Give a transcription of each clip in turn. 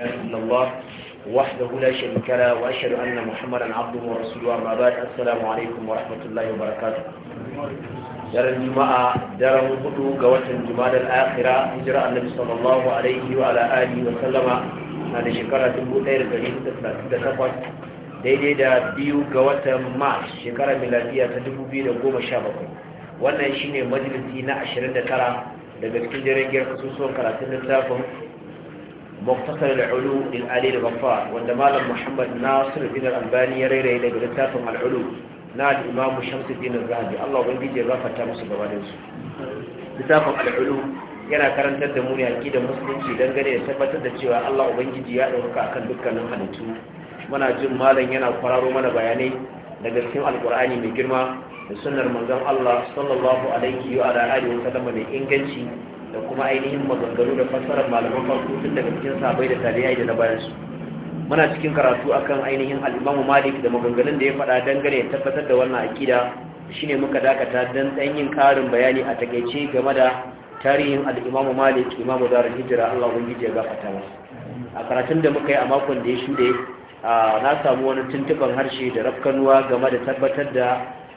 إله إلا الله وحده لا شريك له وأشهد أن محمدا عبده ورسوله أما بعد السلام عليكم ورحمة الله وبركاته daren juma'a daren hudu ga watan jumadar akhira hijira annabi sallallahu alaihi wa ala alihi wa sallama na da shekara 1438 daidai da biyu ga watan mars shekara miladiya ta 2017 wannan shine majalisi na 29 daga cikin jirgin kasusuwan karatun littafin مختصر العلو للآلي الغفار والدمال محمد ناصر بن الألباني na لقلتاتهم العلو نال إمام شمس الدين الرهدي الله بنجي الرافة تامس بوالنس كتابهم العلو yana karantar da muni a da musulunci dangane da tabbatar da cewa Allah Ubangiji ya ɗauka akan dukkanin halittu muna jin malam yana kwararo mana bayanai daga cikin alkur'ani mai girma da sunnar manzon Allah sallallahu alaihi wa alihi wa sallam mai inganci da kuma ainihin maganganu da fassarar malaman farko tun daga cikin sabai da tabi'ai da na bayan su muna cikin karatu akan ainihin al Malik da maganganun da ya faɗa dangane ya tabbatar da wannan akida shine muka dakata dan dan yin karin bayani a takeice game da tarihin al Malik imamu Darul hijira, Allah ubangiji ya gafarta ba. a karatun da muka yi a makon da ya shude na samu wani tuntuban harshe da rafkanuwa game da tabbatar da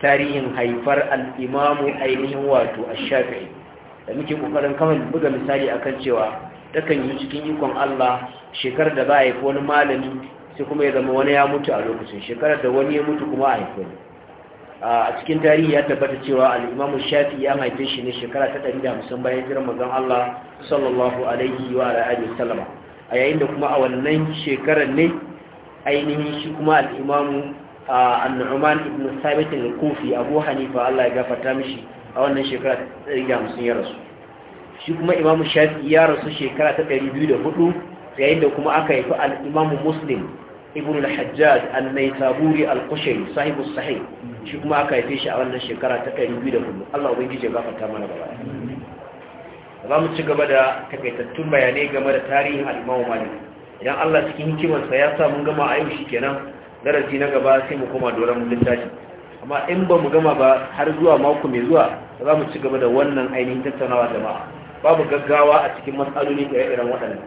tarihin haifar al ainihin wato a shafii da muke kokarin kawai buga misali akan cewa takan yi cikin ikon Allah shekarar da ba a haifi wani malami sai kuma ya zama wani ya mutu a lokacin shekarar da wani ya mutu kuma a haifi wani a cikin tarihi ya tabbata cewa al'imamu shafi ya haife shi ne shekara ta ɗari da musan bayan jiran mazan Allah sallallahu alaihi wa ala'adu salama a yayin da kuma a wannan shekarar ne ainihin shi kuma al'imamu annu'uman ibn sabitin kofi abu hanifa Allah ya gafarta mishi a wannan shekara ta 150 ya rasu shi kuma imamu shafi ya rasu shekara ta hudu, yayin da kuma aka haifi al imamu muslim ibn al-hajjaj al maitaburi al-qushayri sahibu Sahi. shi kuma aka haife shi a wannan shekara ta 204 Allah ubangiji ya gafarta mana gaba za mu ci gaba da takaitattun bayanai game da tarihin al’imamu malik idan Allah cikin hikimarsa ya sa mun gama a yau kenan darasi na gaba sai mu koma doron littafi amma in ba mu gama ba har zuwa mako mai zuwa za mu ci gaba da wannan ainihin tattaunawa jama'a babu gaggawa a cikin matsaloli da irin waɗannan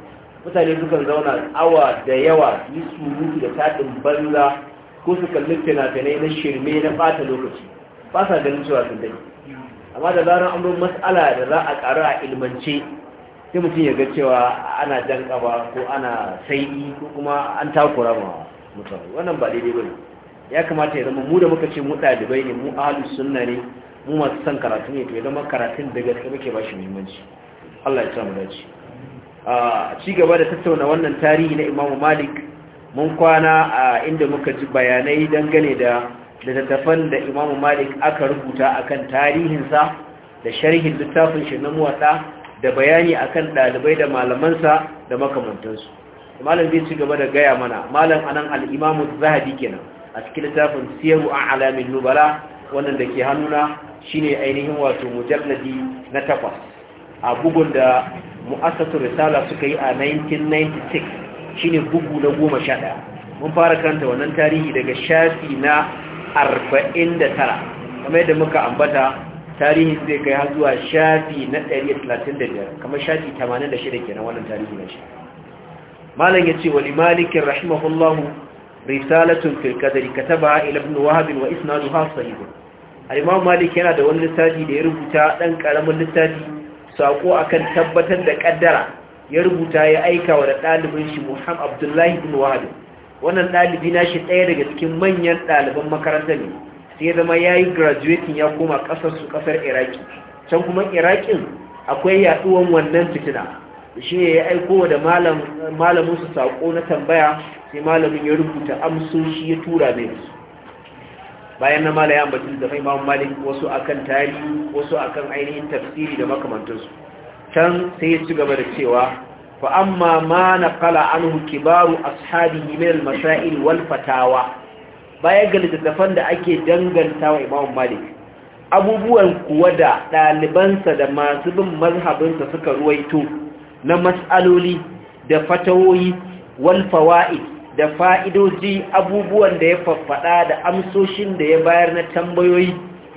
mutane sukan zauna awa da yawa yi surutu da taɗin banza ko su kalli fina-finai na shirme na ɓata lokaci ba sa ganin cewa sun dai amma da zarar an matsala da za a ƙaru a ilmance sai mutum ya ga cewa ana jan ƙaba ko ana sai ko kuma an takura ma mutane wannan ba daidai ba ne ya kamata ya zama mu da muka ce mu ɗalibai ne mu ahalu sunna ne mu masu son karatu ne to ya zama karatun da gaske muke ba shi muhimmanci Allah ya samu dace a ci gaba da tattauna wannan tarihi na Imam Malik mun kwana a inda muka ji bayanai dangane da littattafan da Imam Malik aka rubuta akan tarihinsa da sharhin littafin shi na muwatta da bayani akan ɗalibai da malamansa da makamantansu malam zai ci gaba da gaya mana malam anan al-Imam Zahabi kenan a cikin littafin siyaru a alamin nubala wannan da ke hannuna shine ainihin wato mujalladi na takwas a bugun da mu'assasu risala suka yi a 1996 shine bugu na goma sha ɗaya mun fara karanta wannan tarihi daga shafi na 49 kamar yadda muka ambata tarihi zai kai har zuwa shafi na 135 kamar shafi 86 kenan wannan tarihi na shi malam ya ce wani malikin rahimahullahu risalatun fil qadari kataba ila ibn wahab wa isnaduha sahih al-imam malik yana da wani littafi da ya rubuta dan karamin littafi sako akan tabbatar da kaddara ya rubuta ya aika wa dalibin shi muhammad abdullahi ibn wahab wannan ɗalibi na shi ɗaya daga cikin manyan ɗaliban makarantar ne sai zama yayi graduating ya koma kasar su kasar iraki can kuma irakin akwai yaduwan wannan fitina shi ya aiko da malaminsu sako na tambaya sai malamin ya rubuta amsoshi ya tura mai su bayan na malaya ambatin da mai mamun malik wasu kan tarihi wasu akan ainihin tafsiri da makamantarsu can sai ya ci gaba da cewa fa amma ma na kala anhu kibaru a sahabi al-masail wal fatawa baya ga littattafan da ake wa imamu malik abubuwan kuwa da ɗalibansa da masu bin mazhabinsa suka ruwaito na matsaloli da fatawoyi wal fawa'id da fa'idoji abubuwan da ya faffaɗa da amsoshin da ya bayar na tambayoyi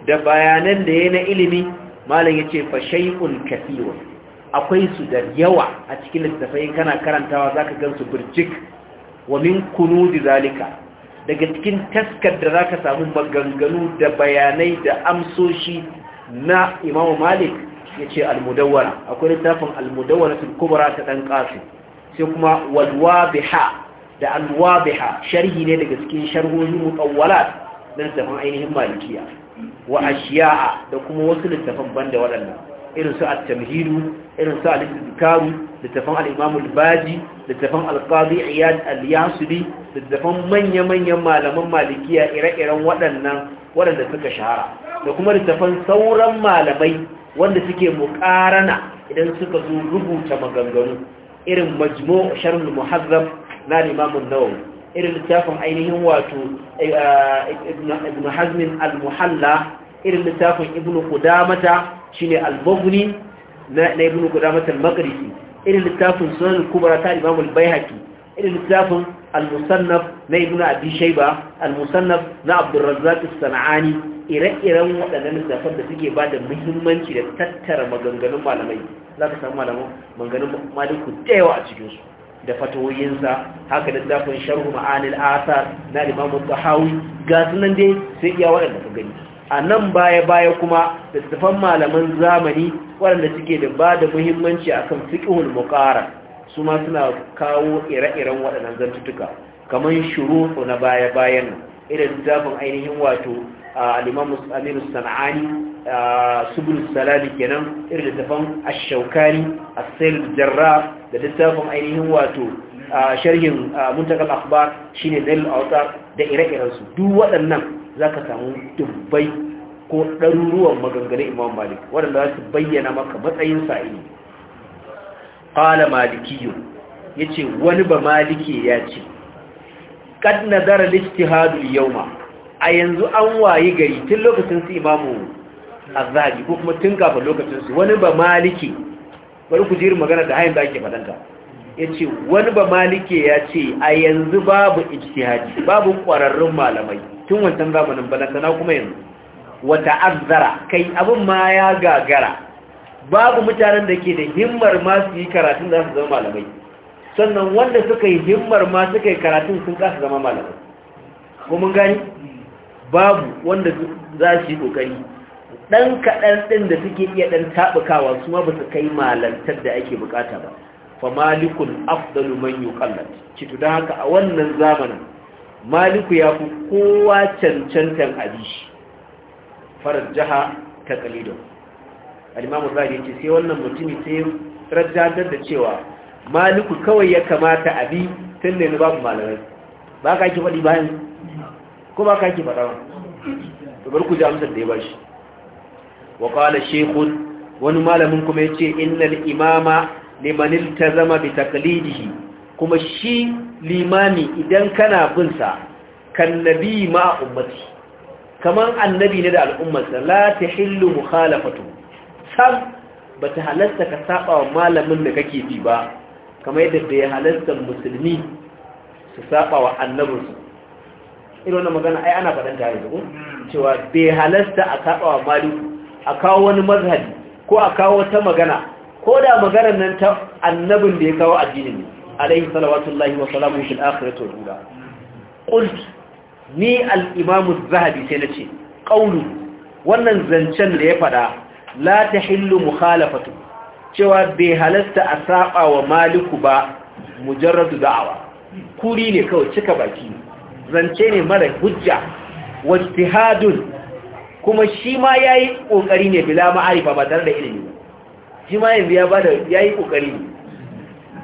da bayanan da ya na ilimi malam ya ce fashe'un kasiwa akwai su da yawa a cikin littattafai kana karantawa za ka gansu birjik wa min kunu di zalika daga cikin taskar da za ka samu maganganu da bayanai da amsoshi na imamu malik ya ce almudawara akwai littafin almudawara sun kubara ta ɗan ƙasu sai kuma walwa biha da alwabiha sharhi ne daga cikin sharhohi muqawwalat na ainihin malikiya wa ashiya'a da kuma wasu littafan banda waɗannan irin su at-tamhidu irin su al-istidkaru littafan al-imam al-baji al-qadi iyad al-yasri littafan manya-manyan malaman malikiya ire-iren waɗannan waɗanda suka shahara da kuma littafan sauran malamai wanda suke muƙarana idan suka zo rubuta maganganu irin majmu' sharh al-muhazzab na limamun Nawa, irin littafin ainihin wato eh, eh, ibn hazmin al-muhalla irin littafin ibn Kudamata shine al-bughni na ibn qudamata al-maqrisi irin littafin sunan al-kubra ta imam Baihaki, baihaqi irin littafin al-musannaf na ibn abi shayba al-musannaf na abd as-sanani ire-iren waɗannan littafan da suke ba da muhimmanci da tattara maganganun malamai za ka samu malaman maganganun maliku da yawa a cikinsu da fatoyinsa haka da tsafin sharhu ma'anil asar na limamu tahawi ga sunan dai sai iya waɗanda ka gani a nan baya-baya kuma da tsafan malaman zamani waɗanda suke da ba da muhimmanci a kan fiƙihul muƙara su ma suna kawo ire-iren waɗannan zantuttuka kamar shuru na baya-bayan nan irin zafin ainihin wato a limamu aminu sana'ani subulus salami kenan irin littafin tafan a as-sayyid jarra da littafin ainihin wato sharhin muntakal akhbar shine dalil awtar da ire irensu duk waɗannan za ka samu dubbai ko ɗaruruwan maganganun Imam Malik waɗanda za su bayyana maka matsayin sa'ili qala ya ce wani ba maliki ya ce kad hadu yau ma a yanzu an wayi gari tun lokacin su imamu azzaji ko kuma tun kafin lokacin su wani ba maliki bari ku jirin magana da hayin da ake fadanta ya ce wani ba maliki ya ce a yanzu babu ijtihadi babu kwararrun malamai tun wancan zamanin balantana kuma yanzu wata azzara kai abin ma ya gagara babu mutanen da ke da himmar ma su yi karatun za su zama malamai sannan wanda suka yi himmar ma suka yi karatun sun kasa zama malamai ko mun gani babu wanda za su yi kokari ɗan kaɗan ɗin da suke iya ɗan taɓukawa su ma ba su kai malantar da ake bukata ba fa malikun afdalu man yuqallat citu dan haka a wannan zamanin maliku ya fi kowa cancantan abishi farajjaha ta qalidun al-imam zabi yace sai wannan mutumi sai rajjadar da cewa maliku kawai ya kamata abi tun ne babu malamai ba ka ki faɗi bayan ko ba ka ki faɗa ba to bar ku ji amsar da ya bashi wa qala wani malamin kuma ya ce, innal imama liman iltazama bi taqlidihi kuma shi limami idan kana bin sa kan nabi ma ummati kaman annabi ne da al'ummarsa la tahillu mukhalafatu sam bata halasta ka saba wa malamin da kake bi ba kamar yadda bai halasta musulmi su saba wa annabinsu irin wannan magana ai ana faɗan tare da ku cewa bai halasta a saba wa maliku a kawo wani mazhabi ko a kawo wata magana ko da maganar nan ta annabin da ya kawo addini ne alaihi salawatullahi wa salamun shi akhirati wa ula qult ni al imamu zahabi sai nace qawlu wannan zancen da ya fada la tahillu mukhalafatu cewa bai halasta a saba wa maliku ba mujarradu da'awa kuri ne kawai cika baki zance ne mara hujja wajtihadun kuma shi ma ya yi ƙoƙari ne bila ma'arifa ba tare da ilimi shi ma yanzu ya bada ya yi ƙoƙari ne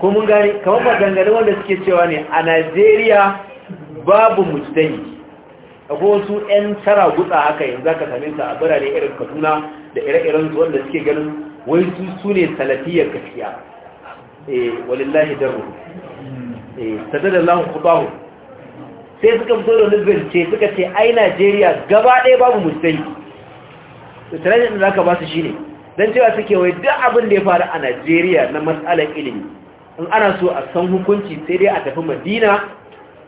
ko mun gani kamar ba dangane wanda suke cewa ne a najeriya babu mujdani akwai wasu 'yan tara gutsa haka yanzu ka same su a birane irin kaduna da ire-iren su wanda suke ganin wai su su ne salafiyar gaskiya eh walillahi daru eh sadadallahu khutahu sai suka fito da wani zance suka ce ai najeriya gaba ɗaya babu musulmi da da zaka basu ba su shi ne don cewa suke wai duk abin da ya faru a najeriya na matsalar ilimi in ana so a san hukunci sai dai a tafi madina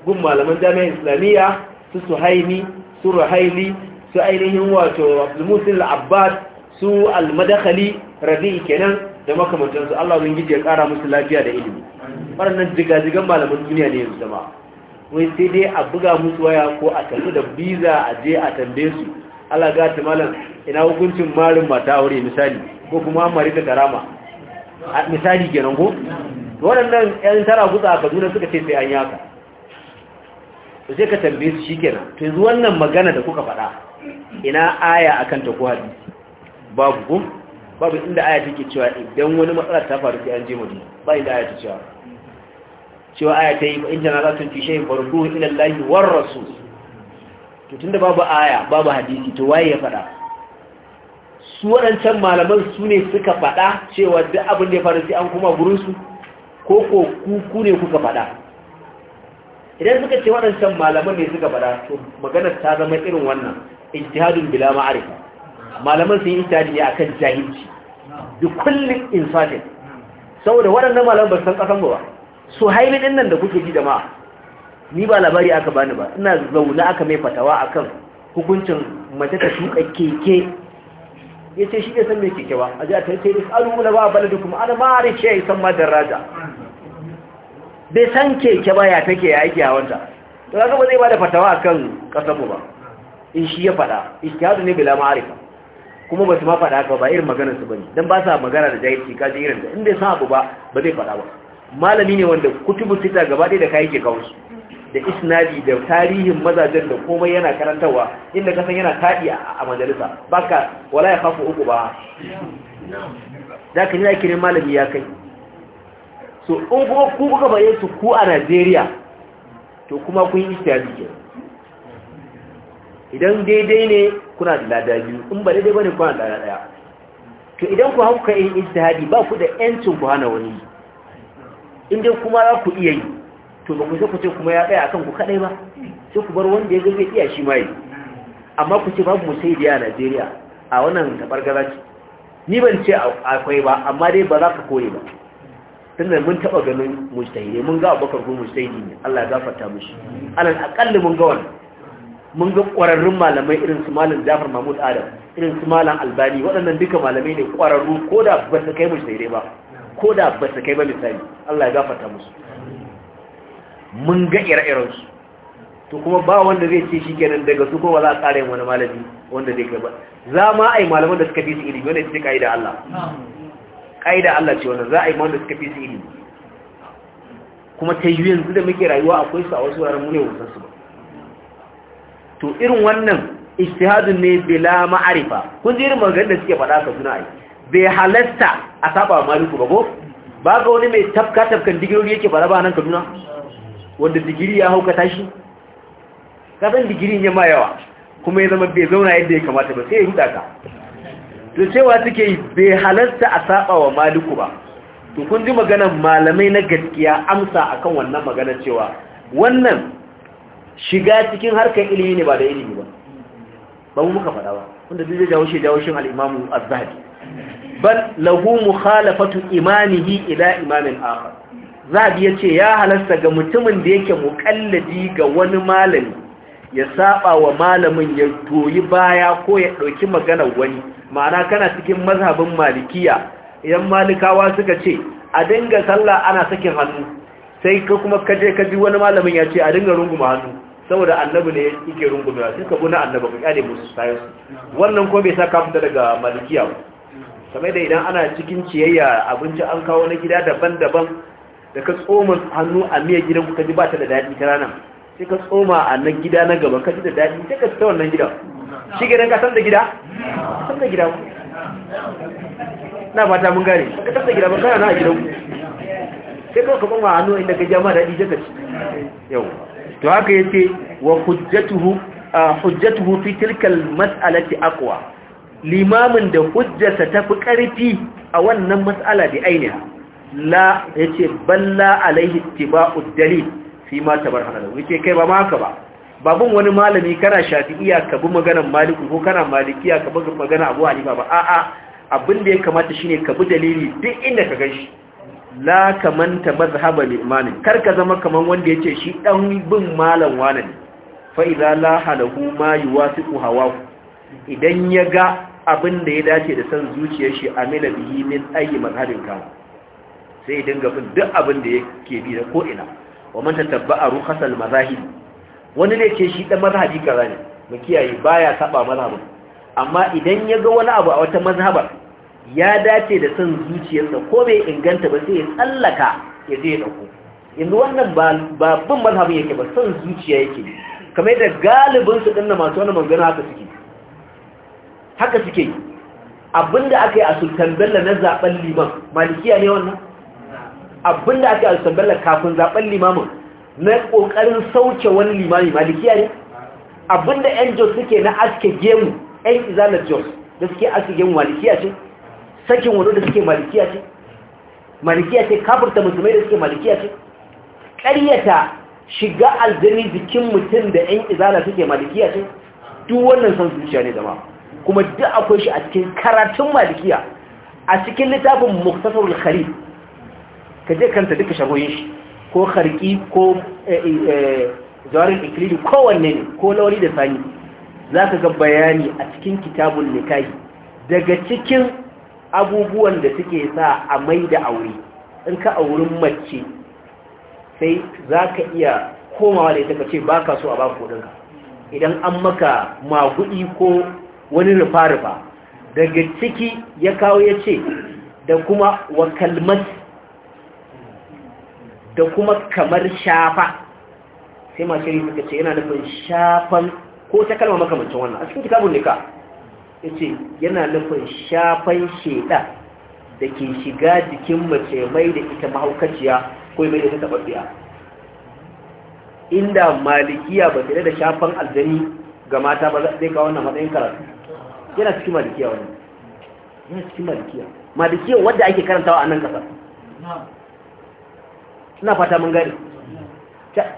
gun malaman jami'ar islamiyya su suhaimi su rahaili su ainihin wato abdulmusul abbas su almadakali rabi'i kenan da makamantansu allah ubangiji ya kara musu lafiya da ilimi waɗannan jigajigan malaman duniya ne yanzu zama. wai sai dai a buga musu waya ko a tafi da biza a je a tambaye su Allah ga ta malam ina hukuncin marin mata aure misali ko kuma mari ta karama misali kenan ko waɗannan ƴan tara gutsa a Kaduna suka ce sai an yaka to sai ka tambaye su shikenan to yanzu wannan magana da kuka faɗa ina aya akan ta ko hadisi babu babu inda aya take cewa idan wani matsala ta faru sai an je madina ba inda aya ta cewa cewa aya ta yi in janazatun fi shay'in farduhu ila lahi war rasu to tunda babu aya babu hadisi to waye ya fada su waɗancan malaman su ne suka fada cewa duk abin da ya faru sai an kuma gurinsu? ko ko ku ne kuka fada idan suka ce waɗancan malaman ne suka fada to maganar ta zama irin wannan ijtihadun bila ma'arifa malaman sun yi ijtihadi ne akan jahilci Da kullin insafin saboda waɗannan malaman ba san kasan ba haini din nan da kuke ji jama'a ni ba labari aka bani ba ina zaune aka mai fatawa akan hukuncin mace ta shuka keke yace shi ke san me keke ba a ta sai alu na ba baladukum ana ma rishe san ma daraja bai san keke ba ya take ya yake a wanta to kaga ba zai bada fatawa akan kasabu ba in shi ya fada ijtihadu ne bila ma'arifa kuma ba su ma fada haka ba irin maganar su bane dan ba sa magana da jahilci kaje irin da in dai san abu ba ba zai fada ba malami ne wanda kutubu sita gaba ɗaya da kayan ke kawo su da isnadi da tarihin mazajen da komai yana karantarwa inda kasan yana taɗi a majalisa baka wala ya kafa uku ba Za ka nuna kirin malami ya kai so in kuma ku kuka bayan su ku a najeriya to kuma kun yi istiyari ke idan daidai ne kuna da lada biyu in ba daidai ba ne kuna da lada ɗaya to idan ku hauka yin istihadi ba ku da 'yancin ku hana wani in dai kuma za ku iya yi to ba ku sai ku ce kuma ya tsaya akan ku kadai ba sai ku bar wanda ya zai iya shi ma yi amma ku ce babu musaidi a Najeriya a wannan tabargaza ce ni ban ce akwai ba amma dai ba za ka kore ba tunda mun taba ganin mujtahidi mun ga Abubakar ko mujtahidi ne Allah ya gafarta mushi alal aqalli mun ga wannan mun ga ƙwararrun malamai irin su malam Jafar Mahmud Adam irin su malam Albani waɗannan duka malamai ne ƙwararru ko da ba su kai mujtahidi ba ko da ba su kai ba misali Allah ya gafata musu mun ga ire irensu su to kuma ba wanda zai ce shi kenan daga su ko ba za a tsare yin wani malami wanda zai kai ba za ma a yi malaman da suka fi su ilimi wanda ce ƙa'ida Allah ƙa'ida Allah ce wanda za a yi ma wanda suka fi su ilimi kuma ta yi yanzu da muke rayuwa akwai su a wasu wuraren mu ne wasan su ba to irin wannan ijtihadun ne bila ma'arifa kun ji irin maganar da suke faɗa ka suna aiki. bai halasta a saba maliku ba ko ba ga wani mai tafka tafkan digiri yake ba raba nan kaduna wanda digiri ya hauka tashi kasan digiri ya ma yawa kuma ya zama bai zauna yadda ya kamata ba sai ya ruda ka to cewa suke bai halasta a saba wa maliku ba to kun ji maganar malamai na gaskiya amsa akan wannan magana cewa wannan shiga cikin harkar ilimi ne ba da ilimi ba ba mu muka faɗa ba wanda duk ya jawo shi jawo shin al-imamu az-zahabi bal lahu mukhalafatu imanihi ila imamin akhar zabi yace ya halasta ga mutumin da yake muƙalladi ga wani malami ya saba wa malamin ya doyi baya ko ya dauki maganar wani ma'ana kana cikin mazhabin malikiya idan malikawa suka ce a dinga sallah ana sakin hannu sai ka kuma kaje ka ji wani malamin ya ce a dinga runguma hannu saboda annabi ne yake runguma sai ka bi na annabi ka kyale musu sayansu wannan ko bai sa ka daga malikiya ba kamar da idan ana cikin ciyayya abinci an kawo na gida daban-daban da ka tsoma hannu a miya gidan ka ji ba ta da daɗi ta ranar sai ka tsoma a nan gida na gaba ka ji da daɗi sai ka ta wannan gidan shi gidan ka san da gida? san da gida ku? na fata mun gane ka san da gida ba kana na a gidan sai ka ka ɓanwa hannu inda ka ja ma daɗi jaka ka ci yau to haka yace wa hujjatuhu hujjatuhu fi tilkal mas'alati aqwa limamin da hujjata ta fi ƙarfi a wannan matsala da ainiha la ya ce balla alaihi tiba'ud dalil fi ma tabar halalu yake kai ba maka ba babun wani malami kana shafi'iya ka bi maganar Maliki ko kana malikiya ka bi magana abu a ba a'a abin da ya kamata shine ka bi dalili duk inda ka gan shi. la kamanta mazhaba imanin. kar ka zama kaman wanda ya ce shi dan bin malam wani ne fa idza la halahu ma yuwasiqu hawahu idan ya ga abin da ya dace da san zuciyar shi a amila bihi min ayi mazhabin kawo, sai dinga bin duk abin da yake bi da ko ina wa man a rukhasal mazahib wani ne ke shi dan mazhabi kaza ne mu kiyaye baya saba mazhabin amma idan ya ga wani abu a wata mazahabar, ya dace da san zuciyarsa ko bai inganta ba sai ya tsallaka ya je ya dauko yanzu wannan ba bin mazhabin yake ba san zuciya yake kamar da galibin su dinna masu wani magana haka suke haka suke yi abinda aka yi a sultan bello na zaben liman malikiya ne wannan abinda aka yi a sultan bello kafin zaben limamin na kokarin sauke wani limami malikiya ne abinda yan jos suke na aske gemu yan izalar jos da suke aske gemu malikiya ce sakin wado da suke malikiya ce malikiya ce kafirta musulmai da suke malikiya ce ƙaryata shiga aljani jikin mutum da yan izalar suke malikiya ce duk wannan son zuciya ne da zama kuma duk akwai shi a cikin karatun malikiya a cikin littafin muktasarul kharif ka je kanta duka shagoyin shi ko kharki ko jawarin eh, eh, eh, ikilidi kowanne ne ko lauri da sani za ka ga bayani a cikin kitabun nikahi daga cikin abubuwan da suke sa a mai da aure in ka wurin mace sai za ka iya komawa da ita ka ce ba ka so a ba kudinka idan an maka maguɗi ko wani rufa-rufa daga ciki ya kawo ya ce da kuma wa kalmat da kuma kamar shafa sai mashari suka ce yana nufin shafan ko ta kalma makamancin wannan a cikin kitabun nika ya ce yana nufin shafan sheda da ke shiga jikin mace mai da ita mahaukaciya ko mai da ta taɓaɓɓiya inda malikiya ba tare da shafan aljani ga mata ba zai kawo wannan matsayin karatu yana cikin malikiya wani yana cikin malikiya malikiya wadda ake karantawa a nan kasa, suna fata mun gani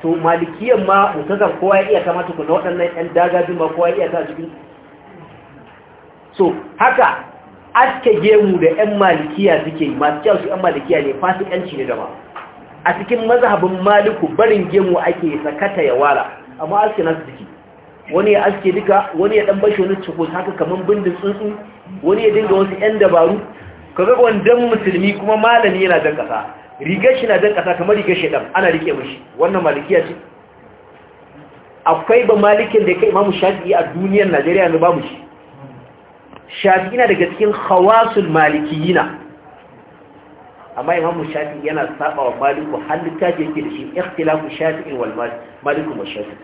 to malikiyan ma mutakar kowa ya iya kamata kuna waɗannan 'yan dagajin ma kowa ya iya ta cikin so haka aske gemu da 'yan malikiya suke masu kyau su 'yan malikiya ne fasikanci ne da ba a cikin mazhabin maliku barin gemu ake sakata ya wala amma aske nasu suke wani ya aske duka wani ya dan bashi wani cikos haka kaman bindin tsuntsu wani ya dinga wasu yan dabaru kaga wandan musulmi kuma malami yana jan ƙasa. rigar shi na jan ƙasa kamar rigar ɗan, ana rike mashi wannan malikiya ce akwai ba malikin da kai Mamu shafi'i a duniyar najeriya ne babu shi shafi'i na daga cikin hawasun malikiyina amma imamu shafi'i yana saba wa maliku har littafi yake da shi ikhtilafu shafi'in wal maliku wa shafi'i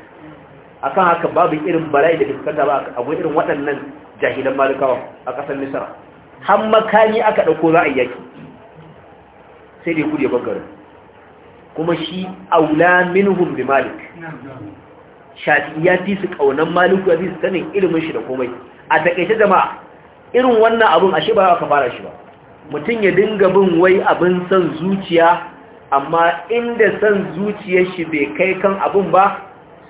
akan haka babu irin bala'i da fuskanta ba a irin waɗannan jahilan malikawa a ƙasar misra har makami aka ɗauko za a yaki sai dai kudu ya kuma shi aula minhum bi malik shafi ya fi su ƙaunan maliku ya fi sanin ilimin shi da komai a taƙaice jama'a irin wannan abun ashe ba aka fara shi ba mutum ya dinga bin wai abin san zuciya amma inda san zuciyar shi bai kai kan abun ba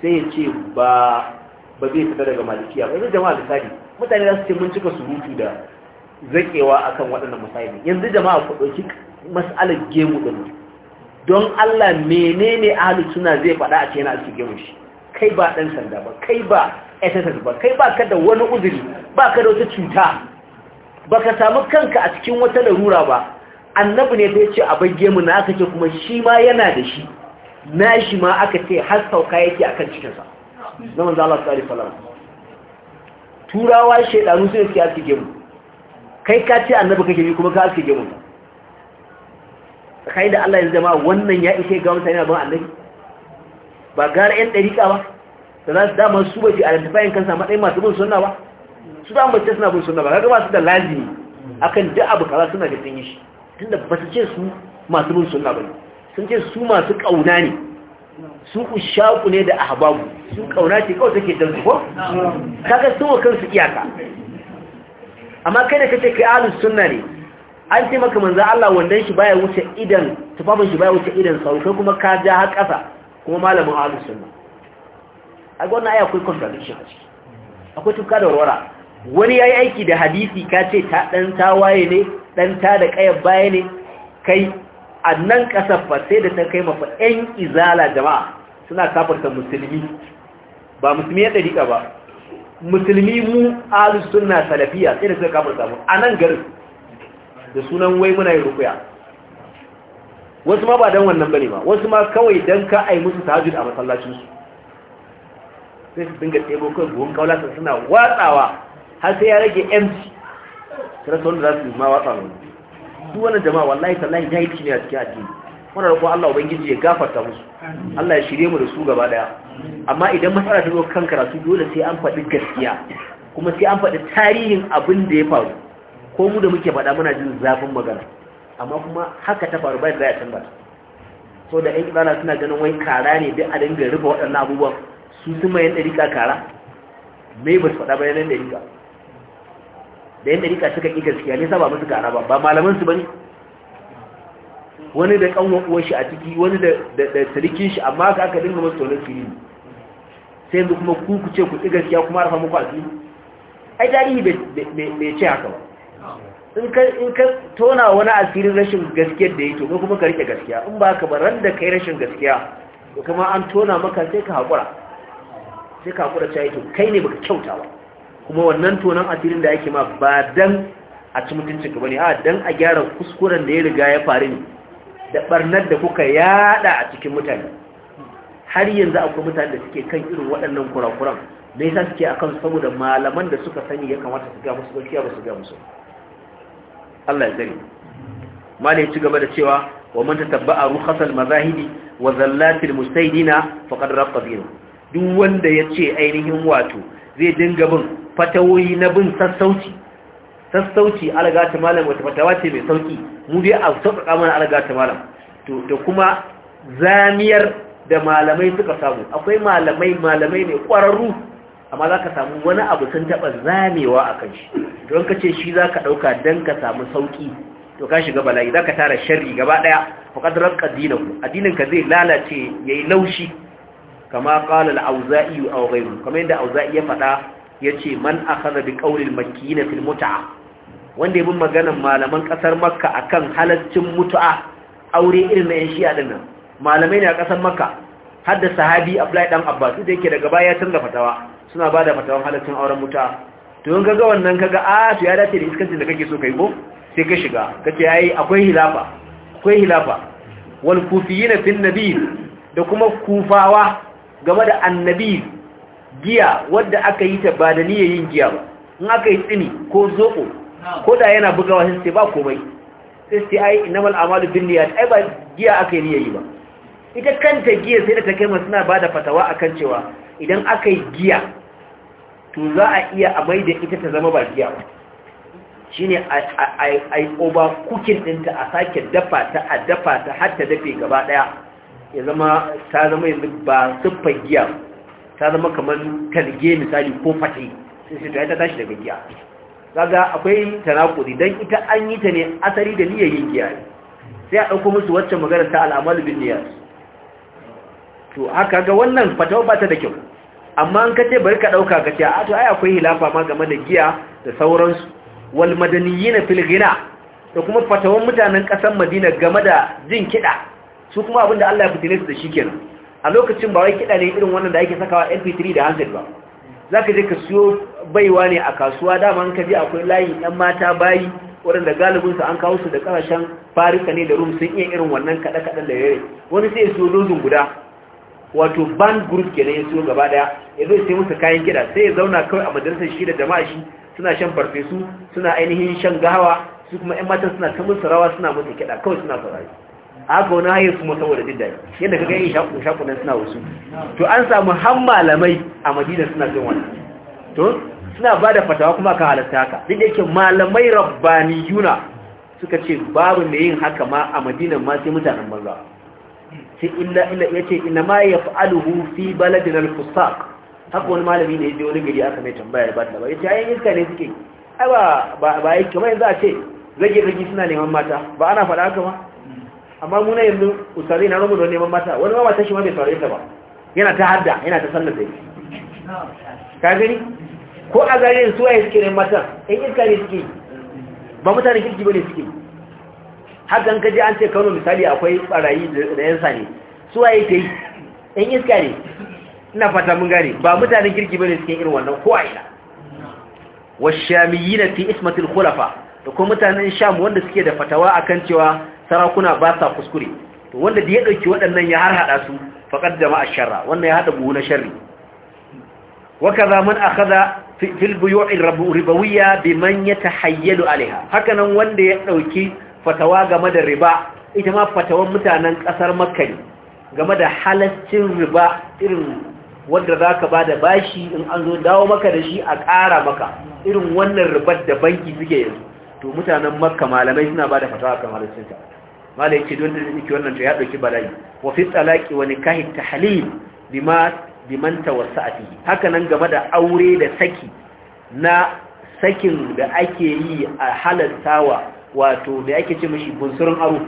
sai ya ce ba zai fita daga malikiya ba yanzu jama'a misali mutane za su ce mun cika surutu da zakewa akan waɗannan misali yanzu jama'a ku ɗauki mas'alar gemu ɗin don Allah menene halin suna zai faɗa a cikin alfi gemu shi kai ba ɗan sanda ba kai ba ss ba kai ba ka da wani uzuri ba ka da wata cuta ba ka samu kanka a cikin wata larura ba annabi ne ta ce a bagge mu na aka ce kuma shi ma yana da shi nashi ma aka ce har sauka yake kan cikinsa na manzo Allah sallallahu alaihi turawa shaidanu sai yi aske gemu kai ka ce annabi kake bi kuma ka aske gemu Ka yi da Allah ya zama wannan ya ishe ga mutane ban annabi ba gara yan dariƙa ba da za su dama su ba fi identifying kansa matsayin masu bin sunna ba su da ambace suna bin sunna ba kaga ba su da A akan duk abu kaza suna da sun yi shi tunda ba su ce su masu bin sunna ba ne sun ce su masu ƙauna ne su ushaku ne da ahbabu su ƙauna ce kawai take dan ko kaga su wa kansu iyaka amma kai da kake kai ahlus sunna ne an ce maka manzo Allah wanda shi baya wuce idan tufafin shi baya wuce idan sau kai kuma ka ja har ƙasa kuma malamin ahlus sunna ai wannan aya akwai contradiction a ciki akwai tuka da warwara wani yayi aiki da hadisi ka ce ta dan tawaye ne dan ta da kayar baya ne kai a nan ƙasar sai da ta kai mafa 'yan izala jama'a suna kafarta musulmi ba musulmi ya ɗariƙa ba musulmi mu alu suna salafiya sai da suka kafarta mu a nan garin da sunan wai muna yi rukuya wasu ma ba don wannan bane ba wasu ma kawai don ka a yi musu tahajjud a masallacinsu sai su dinga tsebo kawai buhun kaulasa suna watsawa har sai ya rage M.C. sai da wanda za su ma watsa wani duk wani jama'a wallahi tallahi jahilci ne a cikin addini wannan roƙon Allah ubangiji ya gafarta musu Allah ya shirye mu da su gaba daya amma idan matsala ta zo kan karatu dole sai an faɗi gaskiya kuma sai an faɗi tarihin abin da ya faru ko mu da muke faɗa muna jin zafin magana amma kuma haka ta faru bai da ya tambar so da ƴan ƙirana suna ganin wai kara ne duk a dinga rufe waɗannan abubuwan su su mayan ɗarika kara me ba su faɗa bayanan ɗarika da yan dariƙa suka ƙi gaskiya ne saba musu gara ba ba malaman su bane wani da ƙanwa uwar shi a ciki wani da sarikin shi amma ka aka dinga musu tonar fili sai yanzu kuma ku ku ce ku ƙi gaskiya kuma rafa muku asiri ai tarihi bai ce haka ba in ka tona wani asirin rashin gaskiyar da ya ko kuma ka rike gaskiya in ba ka baran da kai rashin gaskiya kuma an tona maka sai ka haƙura sai ka haƙura cewa to kai ne baka kyauta ba kuma wannan tonon asirin da yake ma ba dan a ci mutuncin ka bane a dan a gyara kuskuren da ya riga ya faru ne da barnar da kuka yada a cikin mutane har yanzu akwai mutane da suke kan irin waɗannan kurakuran da yasa suke akan saboda malaman da suka sani ya kamata su ga musu gaskiya ba su ga musu Allah ya gani mala ya ci gaba da cewa wa man tatabba'a rukhasal mazahibi wa zallatil mustaidina faqad raqqa dinu duk wanda yace ainihin wato zai dinga bin fatawoyi na bin sassauci sassauci algata malam wata fatawa ce mai sauki mu dai a sauƙaƙa mana algata malam to da kuma zamiyar da malamai suka samu akwai malamai malamai ne ƙwararru amma za ka samu wani abu sun taɓa zamewa a kan shi don ka ce shi za ka ɗauka don ka samu sauƙi to ka shiga bala'i za ka tara sharri gaba ɗaya ka addinin ku addininka zai lalace ya yi laushi kama qala al-auza'i aw ghayru kamar yadda auza'i ya faɗa yace man akhadha bi qawli al-makkiyina fil mut'a wanda yabin maganan malaman kasar makka akan halaccin mutu'a aure irin na shi shi'a din nan malamai ne a kasar makka har da sahabi Abdullahi dan Abbas da yake daga baya tun da fatawa suna bada fatawan halaccin auren mutu'a to in kaga wannan kaga a to ya dace da iskancin da kake so kai ko sai ka shiga kace yayi akwai hilafa akwai hilafa wal kufiyina fil nabi da kuma kufawa game da annabi giya wadda aka yi ta ba da niyayin giya ba in aka yi tsini ko zoɓo ko da yana bugawa sai sai ba komai sai sai ai innamal amalu bin niyyat ai ba giya aka yi niyayi ba ita kanta giya sai da take kai suna ba da fatawa akan cewa idan aka yi giya to za a iya a maida da ita ta zama ba giya ba shi a yi oba kukin ɗinta a sake dafa ta a dafa ta har ta dafe gaba ɗaya ya zama ta zama yanzu ba siffar giya ta zama kamar talge misali ko fate sun sai ta tashi daga giya kaga akwai tanakuri dan ita an yi ta ne asali da niyyar yin giya sai a ɗauko musu wacce magana ta al'amalu bin niyyar to haka ga wannan fatawa ba ta da kyau amma an kace bari ka dauka ka a to ai akwai hilafa ma game da giya da sauransu wal madaniyina fil ghina da kuma fatawan mutanen kasar Madina game da jin kida su kuma abin da Allah ya fitile su da shi kenan a lokacin ba wai kida ne irin wannan da ake sakawa mp3 da handset ba za ka je ka siyo baiwa ne a kasuwa dama ka je akwai layi yan mata bayi waɗanda galibinsu an kawo su da ƙasashen farika ne da rum sun iya irin wannan kaɗe-kaɗen da yare wani sai ya siyo dozin guda wato band group kenan ya siyo gaba daya ya zai sai musu kayan kida sai ya zauna kawai a majalisar shi da jama'a shi suna shan farfesu suna ainihin shan gawa su kuma 'yan matan suna ta musu rawa suna musu kiɗa kawai suna saurari aka wani haye kuma saboda diddai yadda kaga yin shaku shaku nan suna wasu to an samu han malamai a madina suna jin wani to suna ba da fatawa kuma kan halatta haka duk da yake malamai rabbaniyuna suka ce babu mai yin haka ma a madina ma sai mutanen maza sai illa illa yace ina ma ya fi baladina al-fusaq haka wani malami ne yaje wani gari aka mai tambaya ba ta ba yace ayin iska ne suke ai ba ba kamar yanzu a ce rage rage suna neman mata ba ana faɗa haka ma. amma muna yanzu ustazai na rubuta neman mata wani ma ta shi ma bai saurare ta ba yana ta hadda yana ta sallar dai ka gani ko a gare su waye suke neman mata in iska ne suke ba mutane kirki bane suke hakan je an ce Kano misali akwai barayi da yan sani su waye ta yi in iska ne ina fata mun gane ba mutane kirki bane suke irin wannan ko a ina washamiyina fi ismatil khulafa da kuma mutanen sham wanda suke da fatawa akan cewa sarakuna ba sa kuskure to wanda da ya dauki waɗannan ya harhaɗa su faqad jama'a sharra wannan ya hada buhu na sharri wa kaza man akhadha fil buyu'i ribawiyya biman yatahayyalu alaiha hakanan wanda ya dauki fatawa game da riba ita ma fatawan mutanen kasar makka game da halaccin riba irin wanda za ka ba da bashi in an zo dawo maka da shi a ƙara maka irin wannan ribar da banki suke yanzu to mutanen makka malamai suna ba da fatawa kan halittunta malai ce don da yake wannan to ya dauki bala'i wa fi talaqi wa nikahi tahlil bima biman tawassa'ati haka nan game da aure da saki na sakin da ake yi a halaltawa wato da ake ce mishi bunsurin aro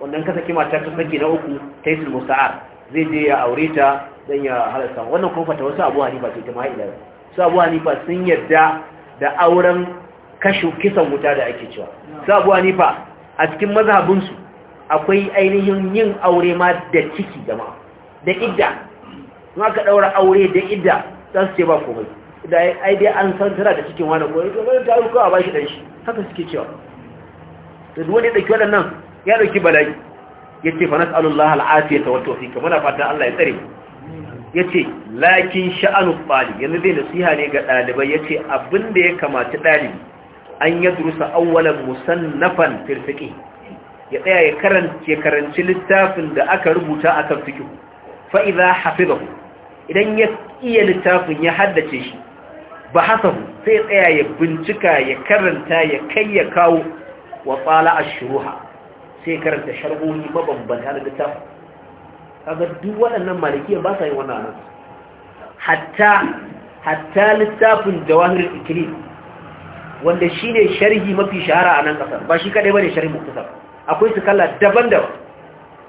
wannan ka saki mata ta saki na uku ta yi musa'ar zai je ya aure ta dan ya halalta wannan kuma fata wasu abu hanifa ce ta ma'ida su abu hanifa sun yarda da auren kashe kisan wuta da ake cewa su abu hanifa a cikin mazhabinsu akwai ainihin yin aure ma da ciki gama da idda ma ka daura aure da idda za su ce ba komai da ai dai an san tana da cikin wani koyi to wani taru kawai ba shi dan shi haka suke cewa to duk wanda ya dauki waɗannan ya dauki bala'i yace fa nas'alullahi al'afiyata wa tawfiqa muna fatan Allah ya tsare yace lakin sha'anu talib yanzu zai nasiha ne ga dalibai yace abinda ya kamata dalibi an yadrusa awwalan musannafan fil fiqh ya tsaya ya karance karanci littafin da aka rubuta akan fiqh fa idza hafizahu idan ya iya littafin ya haddace shi ba hasahu sai ya tsaya ya bincika ya karanta ya kai ya kawo wa tsala ashruha sai karanta sharhohi mabambanta na littafin kaga duk waɗannan malikiya ba sa yi wannan anan hatta hatta littafin jawahirul iklim wanda shi ne sharhi mafi shahara a nan ƙasar, ba shi kaɗai ba ne sharhi muktasar akwai su kala daban-daban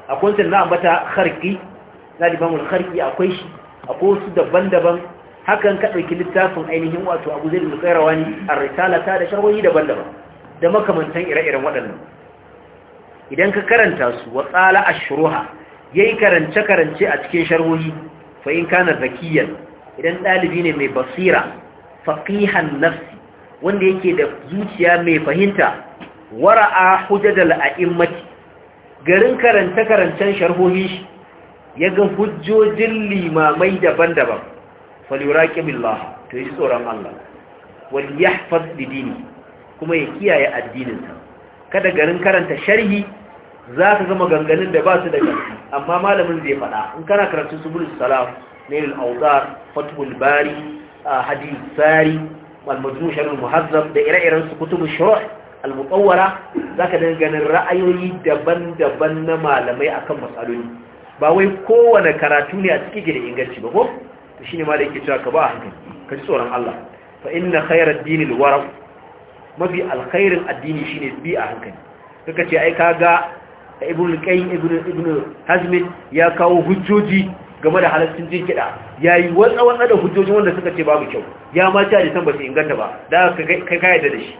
akwai su na ambata harki na limamul harki akwai shi akwai su daban-daban hakan ka ɗauki littafin ainihin wato abu zai da tsairawa rawani. a ta da sharhohi daban-daban da makamantan ire-iren waɗannan idan ka karanta su wa tsala ya yayi karance-karance a cikin sharhohi fa in kana idan ɗalibi ne mai basira faqihan nafsi wanda yake da zuciya mai fahimta wara'a hujjadal a'immati garin karanta-karancen sharhohi shi ya ga hujjojin limamai daban-daban faluraki billah to yi tsoron Allah wani ya dini kuma ya kiyaye addininsa kada garin karanta sharhi za ka zama ganganin da ba su da ƙarfi amma malamin zai faɗa in kana karatu subul salam nail auzar fatul bari hadith sari al-majmu' muhazzab da ire-iren su kutubu shuruh al-mutawwara zaka dinga ganin ra'ayoyi daban-daban na malamai akan matsaloli ba wai kowanne karatu ne a cikin gidan inganci ba ko shine ma da yake cewa ka ba hankali ka ji tsoron Allah fa inna khayra ad-din al-wara mafi alkhairin addini shine bi a hankali kaka ce ai kaga ibnu qayyim ibnu ibnu hazm ya kawo hujjoji game da halaccin jin kiɗa ya yi watsa da hujjojin wanda suka ce babu kyau ya ma ta da jisan inganta ba da ka kai da shi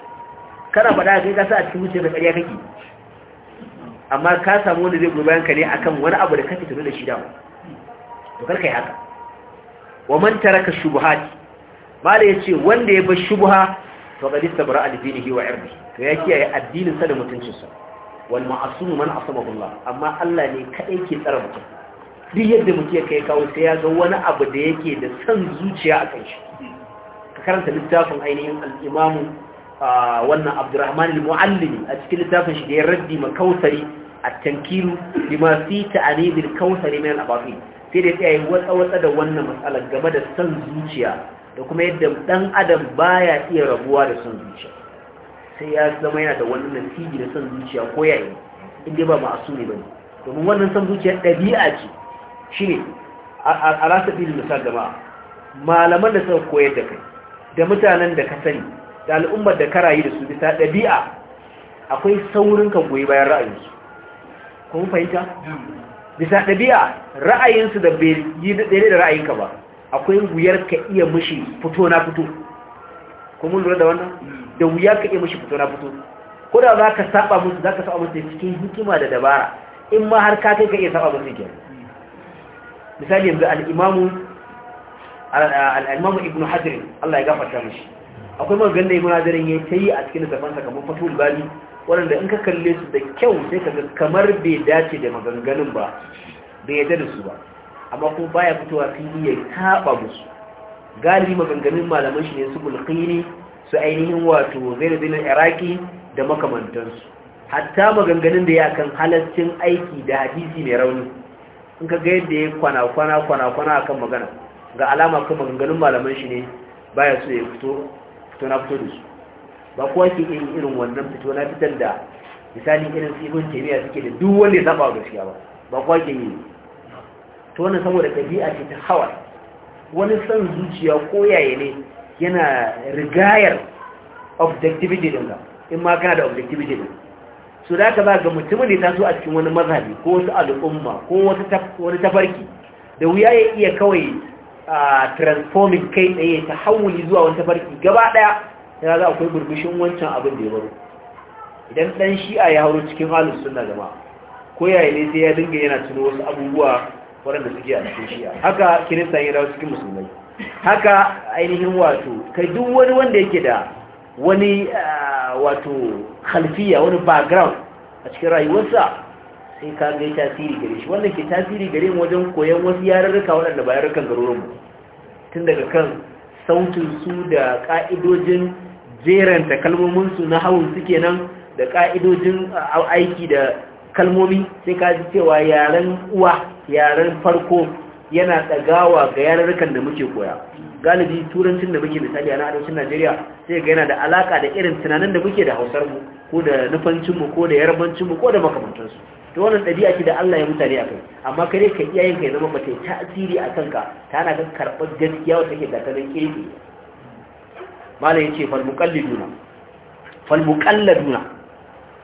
kana faɗa kai ka sa a cikin zuciya ƙarya kake amma ka samu wanda zai goyi bayan ka ne akan wani abu da kake tare da shi dama to kar yi haka wa man taraka shubuhat mala yace wanda ya bar shubha to qad istabra al-dinihi wa irdihi to ya kiyaye addinin sa da mutuncin sa wal ma'sum man asamahu Allah amma Allah ne kadai ke tsara mutum duk yadda mutum ya kai kawo sai ya ga wani abu da yake da san zuciya a kan shi ka karanta littafin ainihin al-imamu wannan abdurrahman al-muallimi a cikin littafin shi da ya raddi ma kausari التنكيل لما في تعنيد الكوثر من abafi, sai da tsaye watsa-watsa da wannan matsalar game da son zuciya da kuma yadda dan adam baya iya rabuwa da son zuciya sai ya zama yana da wannan nasiji da son zuciya ko yayi inda ba masu ne bane domin wannan son zuciya ɗabi'a ce shine a rasa filin misal jama'a malaman da suka koyar da kai da mutanen da ka sani da al'ummar da karayi da su bisa ɗabi'a akwai saurin kan goyi bayan ra'ayinsu kun fahimta bisa ɗabi'a ra'ayinsu da bai yi daidai da ra'ayinka ba akwai wuyar ka iya mishi fito na fito kuma lura da wannan da wuyar ka iya mishi fito na fito ko da za ka saba musu za ka saba musu cikin hikima da dabara in ma har ka kai ka iya saba musu ke misali yanzu al'imamu al'imamu ibnu hajjari allah ya gafarta mishi akwai magan da mana hadarin ya ta yi a cikin littafin kamar fatul waɗanda in ka kalle su da kyau sai ka ga kamar bai dace da maganganun ba bai yadda da su ba amma kuma baya fitowa fili ya taɓa musu galibi maganganun malaman shi ne su bulkini su ainihin wato zainabin iraki da makamantansu hatta maganganun da ya kan halarcin aiki da hadisi mai rauni in ka ga yadda ya kwana-kwana kwana-kwana akan magana ga alama kan maganganun malaman shi ne baya so ya fito to na fito da shi ba kowa ke irin irin wannan fito na fitar da misali irin sifin kimiyya suke da duk wanda ya saba gaskiya ba ba kowa ke yi to wannan saboda ɗabi'a ce ta hawa wani son zuciya ko yaya ne yana rigayar objectivity din ka in ma kana da objectivity din Su da ka ba ga mutumin da ya taso a cikin wani mazhabi ko wasu al'umma ko wani tafarki da wuya ya iya kawai a transforming kai tsaye ta hawuli zuwa wata farki gaba daya ya za akwai burbushin wancan abin da ya baro idan dan shi'a ya hauro cikin halin sunna zama ko yaya ne sai ya dinga yana tuno wasu abubuwa waɗanda suke a cikin shi'a haka kirista ya rawa cikin musulmai haka ainihin wato kai duk wani wanda yake da wani wato khalfiya wani background a cikin rayuwarsa sai ka ga tasiri gare shi wannan ke tasiri gare mu wajen koyon wasu yarurruka waɗanda ba yarurrukan garuruwan mu tun daga kan sautin su da ka'idojin jeranta kalmomin su na hawun suke nan da ka'idojin aiki da kalmomi sai ka ji cewa yaren uwa yaren farko yana tsagawa ga yarurrukan da muke koya galibi turancin da muke misali a arewacin Najeriya sai ga yana da alaka da irin tunanin da muke da Hausar mu ko da nufancin mu ko da yarbancin ko da makamantansu to wannan ɗabi'a ce da Allah ya mutane a kai amma kare ka iyayen ka ya zama mace tasiri a kanka ta na kan karɓar gaskiya wata ke dakarar kirki malam yace fal muqalliduna fal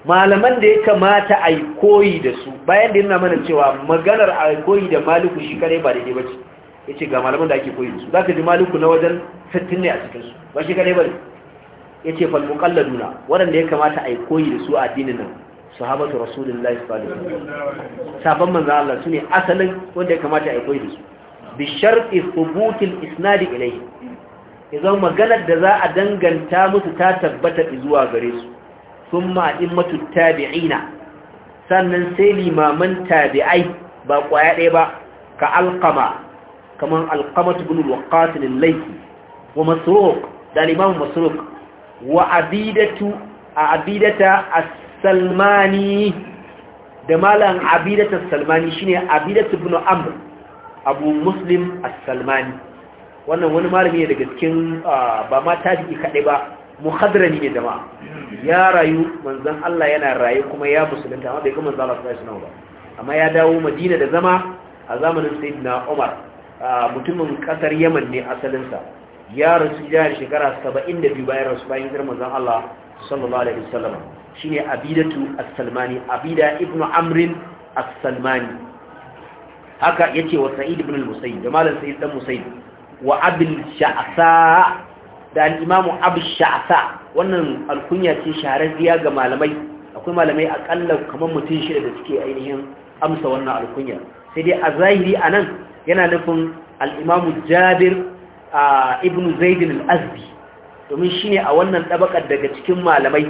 malaman da ya kamata a yi koyi da su bayan da yana mana cewa maganar a koyi da maluku shi kare ba daidai ya ce ga malaman da ake koyi da su za ka ji maluku na wajen sattin ne a cikin su ba shi kare ne ya ce muqalladuna waɗanda ya kamata a yi koyi da su a addinin nan sahabatu rasulullahi sallallahu alaihi wasallam manzo Allah sune asalin wanda ya kamata a koyi da su bi sharti thubut al-isnad ilayhi idan maganar da za a danganta musu ta tabbata zuwa gare su thumma immatu tabi'ina sannan sai limaman tabi'ai ba kwaya ɗaya ba ka alqama kaman alqamat ibn al-waqqas al-laythi wa masruq da masruq wa abidatu abidata as salmani da malam abidatar salmani shine abidat ibn amr abu muslim as-salmani wannan wani malami ne daga cikin ah, ba ma tabi'i kadai ba muhadrani ne da ma ya rayu manzon Allah yana rayu kuma ya musulunta amma bai ga manzon Allah sallallahu ba amma ya dawo Madina da zama a zamanin Sayyidina Umar ah, mutumin kasar Yaman ne asalinsa ya rasu jihar shekara 72 bayan rasu bayan manzon Allah sallallahu alaihi wasallam shine abidatu as-salmani abida ibnu amrin as-salmani haka yace wa sa'id ibn al-musayyib da malam sa'id dan musayyib wa abul sha'sa da al-imamu abul sha'sa wannan alkunya ce shahararriya ga malamai akwai malamai akalla kamar mutum shida da suke ainihin amsa wannan alkunya sai dai a zahiri anan yana nufin al-imamu jabir ibn zaid al-azdi domin shine a wannan tabakar daga cikin malamai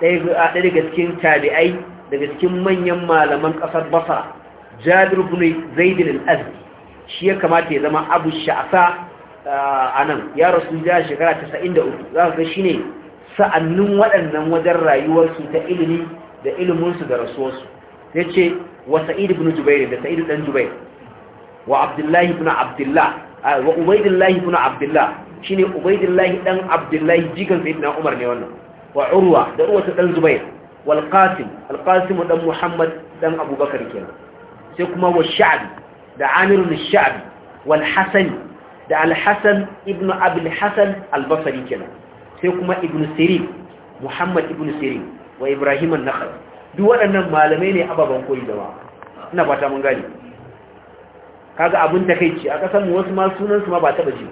ɗaya daga cikin tabi'ai daga cikin manyan malaman ƙasar basra jabir ibn zaid al-azdi shi ya kamata ya zama abu sha'sa a nan ya rasu da shekara 93 za ka ga shine sa'annin waɗannan wajen rayuwarsu ta ilimi da iliminsu da rasuwarsu ya ce wa sa'id ibn jubair da sa'id dan jubair wa abdullahi ibn abdullah wa Ubaidullahi ibn abdullah shine Ubaidullahi dan abdullahi jikan sayyidina umar ne wannan wa urwa da urwa ta dan zubair wal qasim al qasim dan muhammad dan abubakar kenan sai kuma wa sha'bi da amir al sha'bi wal hasan da al hasan ibn abul hasan al basri kenan sai kuma ibn sirin muhammad ibn sirin wa ibrahim an nakhai duk waɗannan malamai ne ababan koyi da ba ina fata mun gane kaga abin takeici a kasan mu wasu ma sunan su ma ba taba ji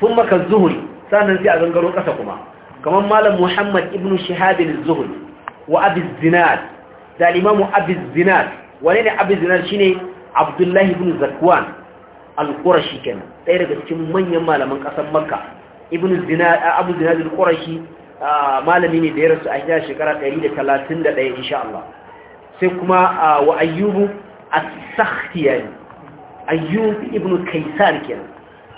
sun maka zuhuri sannan sai a gangaro kasa kuma kamar malam muhammad ibn shihab al wa abi zinad da imamu abi zinad wane ne abi zinad shine abdullahi ibn zakwan al-qurashi kenan ɗaya daga cikin manyan malaman ƙasar makka ibn zinad abu zinad al-qurashi malami ne da ya rasu a hijira shekara 131 insha Allah sai kuma wa ayyubu as-sakhtiyani Ayyubu ibn Kaisar kenan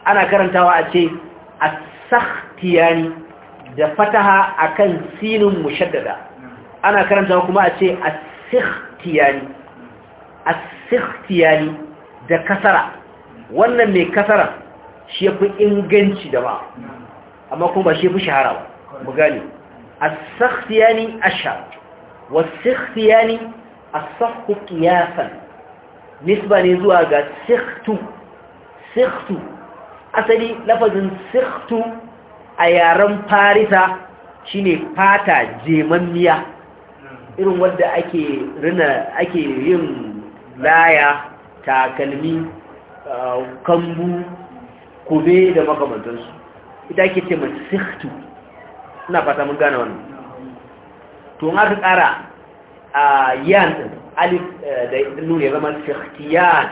ana karantawa a ce as-sakhtiyani da fataha akan sinin mushaddada ana karanta kuma a ce as-sikhtiyani da kasara wannan mai kasara shi yafi inganci da ba amma kuma ba shi yafi shahara ba mu gane as-sikhtiyani ashar was-sikhtiyani as-sakhu qiyasan nisba ne zuwa ga sikhtu sikhtu asali lafazin sikhtu a yaren farisa shine fata jemammiya irin wadda ake rina ake yin laya takalmi kambu kube da makamantansu ita ake ce mai sikhtu ina fata mun gane wannan to aka kara a yan alif e, da nuna ya zama sikhtiyan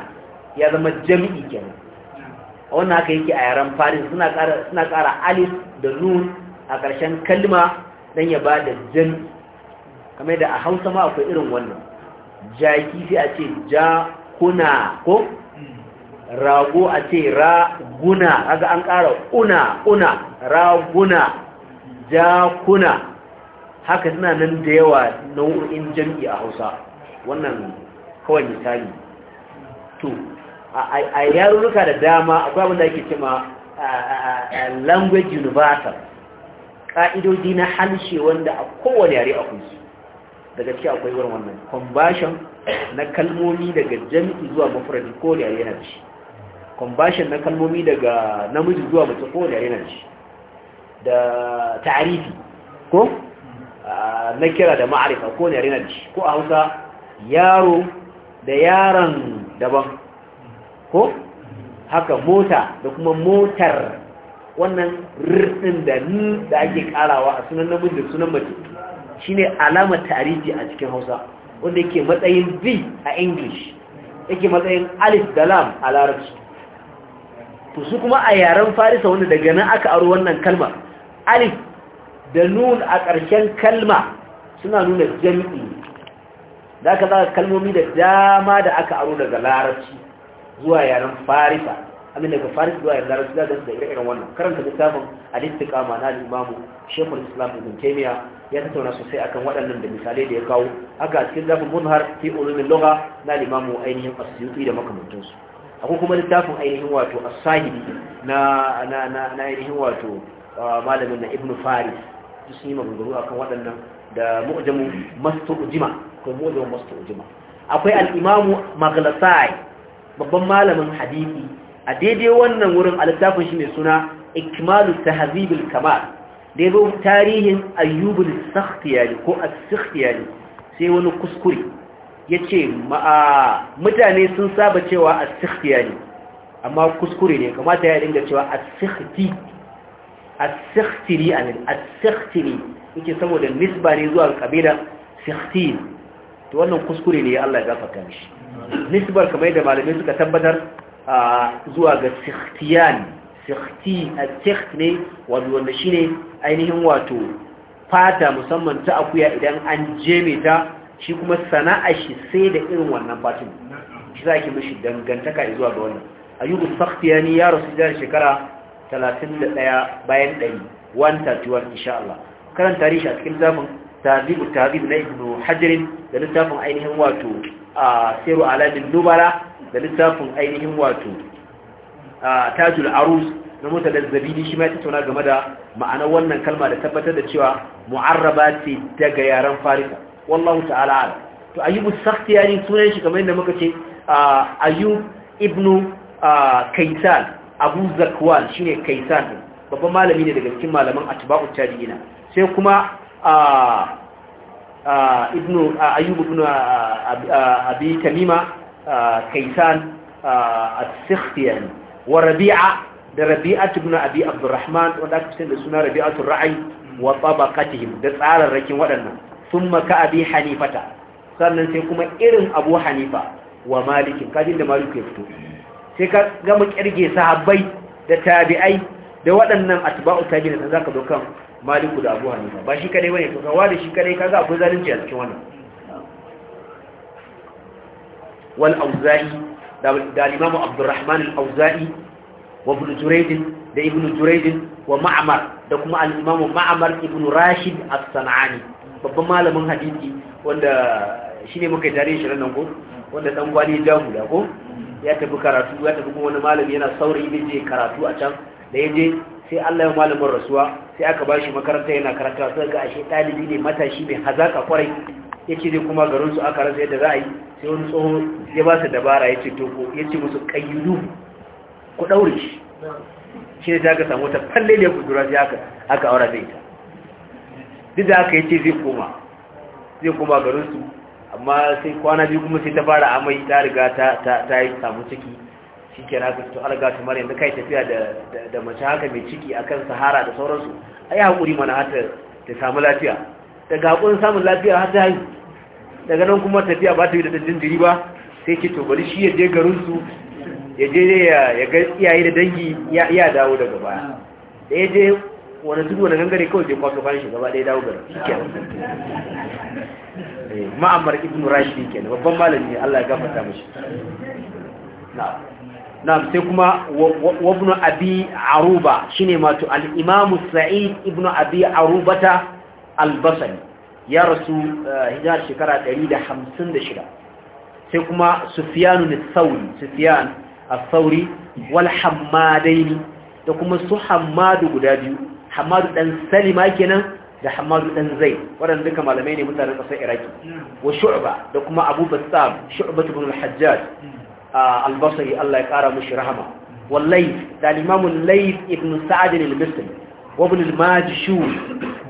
ya zama jami'i kenan wannan haka yake a yaren Farisa suna kara alif da nun a ƙarshen kalma dan ya ba da jan kame da a hausa ma akwai irin wannan jaki sai a ce ja kuna ko rago a ce raguna aga an ƙara una una raguna jakuna haka suna nan da yawa nau'in jam'i a hausa wannan kawai misali to a yarurruka da dama akwai abin da ake cima language universal ƙa'idodi na halshe wanda a kowane yare a kunsu daga ciki akwai wurin wannan conversion na kalmomi daga jami'i zuwa mafuradi kowane yare yana ci conversion na kalmomi daga namiji zuwa mace kowane yare yana ci da ta'arifi ko na kira da ma'arifa kowane yare yana ci ko a hausa yaro da yaron daban ko haka mota da kuma motar wannan rufin da ni da ake karawa a sunan namiji da sunan mace shine alamar tarihi a cikin hausa wanda yake matsayin v a english yake matsayin alif da lam a larabci to su kuma a yaren farisa wanda daga nan aka aro wannan kalmar alif da nun a ƙarshen kalma suna nuna jami'i. da aka za kalmomi da dama da aka aro daga larabci zuwa yaren farisa amin daga farisa zuwa yaren larabci za da ire-iren wannan karanta littafin alistika ma na al-imamu shekul islam ibn taymiya ya tattauna sosai akan waɗannan da misalai da ya kawo haka a cikin zafin munhar fi ulumin Loga, na al ainihin asyuti da makamantansu akwai kuma littafin ainihin wato a sahibi na ainihin wato malamin na ibn faris sun yi maganganu akan waɗannan da mu'jamu ujima ko mu'jamu ujima akwai al'imamu maglasai babban malamin hadisi a daidai wannan wurin alittafin shi mai suna ikmalu tahzibul kamal daidai tarihin ayyubul sakhtiyali ko as-sakhtiyali sai wani kuskure yace mutane sun saba cewa a sakhtiyali amma kuskure ne kamata ya dinga cewa as-sakhti as-sakhtiri amin as-sakhtiri yake saboda nisba ne zuwa kabila sakhtin to wannan kuskure ne Allah ya gafarta shi nisbar kamar da malamai suka tabbatar zuwa ga sikhtiyan sikhti a sikht ne wanda shi ne ainihin wato fata musamman ta akuya idan an jeme ta shi kuma sana'a shi sai da irin wannan fatin shi za ki mishi dangantaka zuwa ga wannan sikhtiya sakhtiyani ya rasu jan shekara 31 bayan 131 insha Allah karanta rishi a cikin zafin tazibu tazib na ibnu hajar da littafin ainihin wato a siru alamin nubara da littafin ainihin wato tajul arus na mota da zabini shi mai tattauna game da ma'anar wannan kalma da tabbatar da cewa mu'arraba ce daga yaren farisa wallahu ta'ala ala to ayyubu sakhtiyani sunan shi kamar yadda muka ce ayyub ibnu kaisal abu shi shine kaisal babban malami ne daga cikin malaman atba'u tajiyina sai kuma ibnu ayyub ibn abi tamima kaisan as-sikhtiyani wa rabi'a da rabi'atu ibn abi abdurrahman wanda aka fitar da suna rabi'atu ra'ayi wa tabaqatihim da tsararrakin waɗannan thumma ka abi hanifata sannan sai kuma irin abu hanifa wa malikin kajin da maliku ya fito sai ka gama kirge sahabbai da tabi'ai da waɗannan atba'u tabi'in da zaka dokan maliku da abu hannu ba shi kadai wani to kawa da shi kadai kaga akwai zalunci a cikin wannan wal auza'i da limamu abdurrahman al auza'i wa ibn jurayd da ibn jurayd wa Ma'amar, da kuma al Ma'amar ibn rashid as-sanani babban malamin hadisi wanda shine muka tare shi nan ko wanda dan gwani jamu da ko ya tafi karatu ya tafi kuma wani malami yana saurayi ne je karatu a can da yaje sai Allah ya malamin rasuwa sai aka ba shi makaranta yana karanta sai ga ashe dalibi ne matashi mai hazaka kwarai yake dai kuma garin su aka rasa yadda za a yi sai wani tsoho ya ba su dabara yace to ko yace musu kayyudu ku daure shi shi ne ta samu ta falle ne ku dura sai aka aka aura da ita duk da aka yace zai koma zai koma garin su amma sai kwana biyu kuma sai ta fara amai ta riga ta ta ta yi samu ciki shi ke na to alaga su mara yanzu kai tafiya da mace haka mai ciki a kan sahara da sauransu a yi haƙuri mana hata ta samu lafiya daga haƙurin samun lafiya hata yi daga nan kuma tafiya ba ta yi da jindiri ba sai ke to shi ya je garinsu ya je ya ga iyaye da dangi ya dawo daga baya da ya je wani duk wani gangare kawai je kwato bayan shi gaba ɗaya dawo gara shi ke eh, ma'amar ibn rashidi ke babban malami Allah ya gafata mashi na'am na sai kuma wabnu abi aruba shine mato al-imam sa'id ibnu abi arubata al-basri ya rasu eh, hijira shekara 156 sai kuma sufyan al-thawri sufyan al-thawri wal hammadaini da kuma su hammadu guda biyu hammadu dan salima kenan da hammadu dan zai waɗanda duka malamai ne mutanen ƙasar iraki wa shu'ba da kuma abu bassam shu'ba ibn al-hajjaj hmm. albasari Allah ya kara mushi rahama wallahi da limamun layth ibn sa'd al-misri wa ibn al-majshu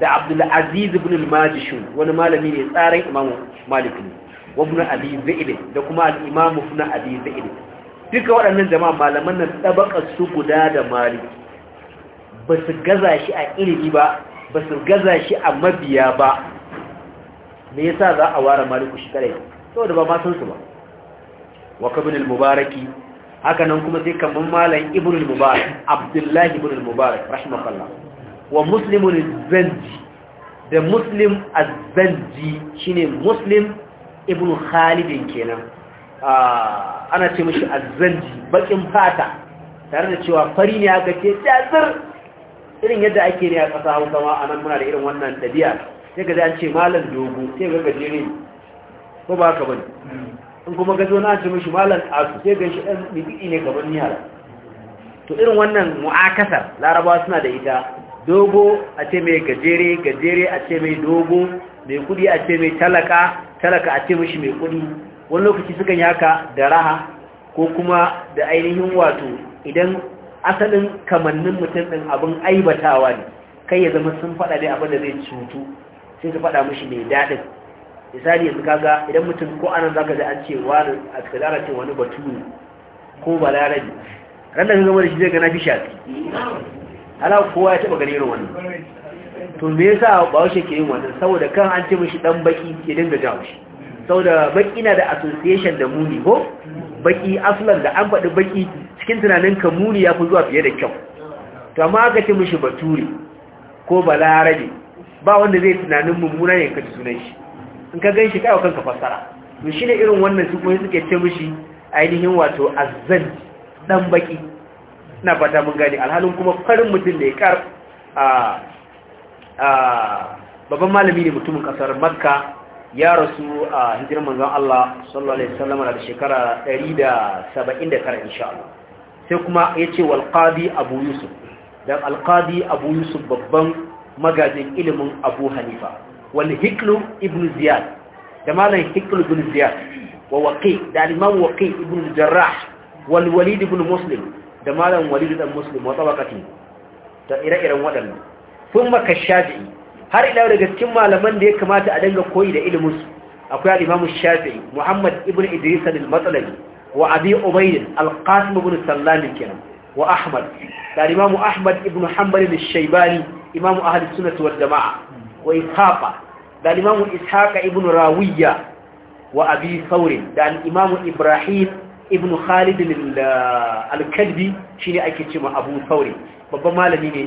da abdul aziz ibn al-majshu wani malami ne tsarin imamu malik ne wa ibn abi zaid da kuma al-imamu ibn abi zaid duka waɗannan jama'a malaman nan tabakar su guda da mali, ba su gaza shi a ilimi ba ba su gaza shi a mabiya ba me yasa za a ware maliku shi kare saboda ba ma san su ba wa kabin mubaraki haka nan kuma sai kaman malam ibn al abdullahi ibn al-mubarak wa muslimun az-zanji da muslim az-zanji shine muslim ibn khalid kenan ah, ana ce mishi az-zanji bakin fata tare da cewa fari ne aka ce jazir irin yadda ake ne a ƙasa Hausa anan muna da irin wannan dabi'a sai ga an ce malam dogo sai ga ne, ko ba ka bane hmm. in kuma ga zo na ce mishi malam sai ga shi ɗan bibiki ne gaban niyar to irin wannan mu'akasar larabawa suna da ita dogo a ce mai gajere gajere a ce mai dogo mai kudi a ce mai talaka talaka a ce mishi mai kudi wani lokaci suka yi haka da raha ko kuma da ainihin wato idan asalin kamannin mutum ɗin abin aibatawa ne kai ya zama sun faɗa dai abin da zai cutu sai su faɗa mishi mai daɗin misali yanzu kaga idan mutum ko anan zaka ji an ce wani a kadara ce wani ne ko balarabi ran da ka gama da shi zai gana fi shafi ala kowa ya taba ganin wani to me yasa ba washe ke yin wannan saboda kan an ce mishi dan baki ke dinga jawo shi saboda baki na da association da muni ko baki aslan da an faɗi baki cikin tunanin ka muni ya fi zuwa fiye da kyau to amma aka ce mishi ne ko balarabe ba wanda zai tunanin mummuna ne ka ci sunan shi in ka gan shi kai kanka fassara to shine irin wannan su kuma suke ce mishi ainihin wato azzan dan baki ina fata mun gani alhalin kuma farin mutum da ya kar a a babban malami ne mutumin kasar makka ya rasu a hijirar manzon Allah sallallahu alaihi wasallam da shekara 179 insha Allah sai kuma yace wal qadi abu yusuf dan al qadi abu yusuf babban magajin ilimin abu hanifa Wani hiklu ibn ziyad da malam hiklu ibn ziyad wa waqi da al-imam waqi ibn jarrah wal walid ibn muslim da malam walid ibn muslim wa tabaqati da ire-iren waɗannan sun maka shafi'i har ila daga cikin malaman da ya kamata a dinga koyi da ilimin akwai al-imam shafi'i muhammad ibn idris al-matlani wa abi ubayd al kenan wa ahmad da ahmad ibn hanbal imam ahli sunnah jamaa wa ishaqa da imamu ishaqa ibn rawiya wa abi saurin da imamu ibrahim ibn khalid al-kalbi shine ake cewa abu saurin babban malami ne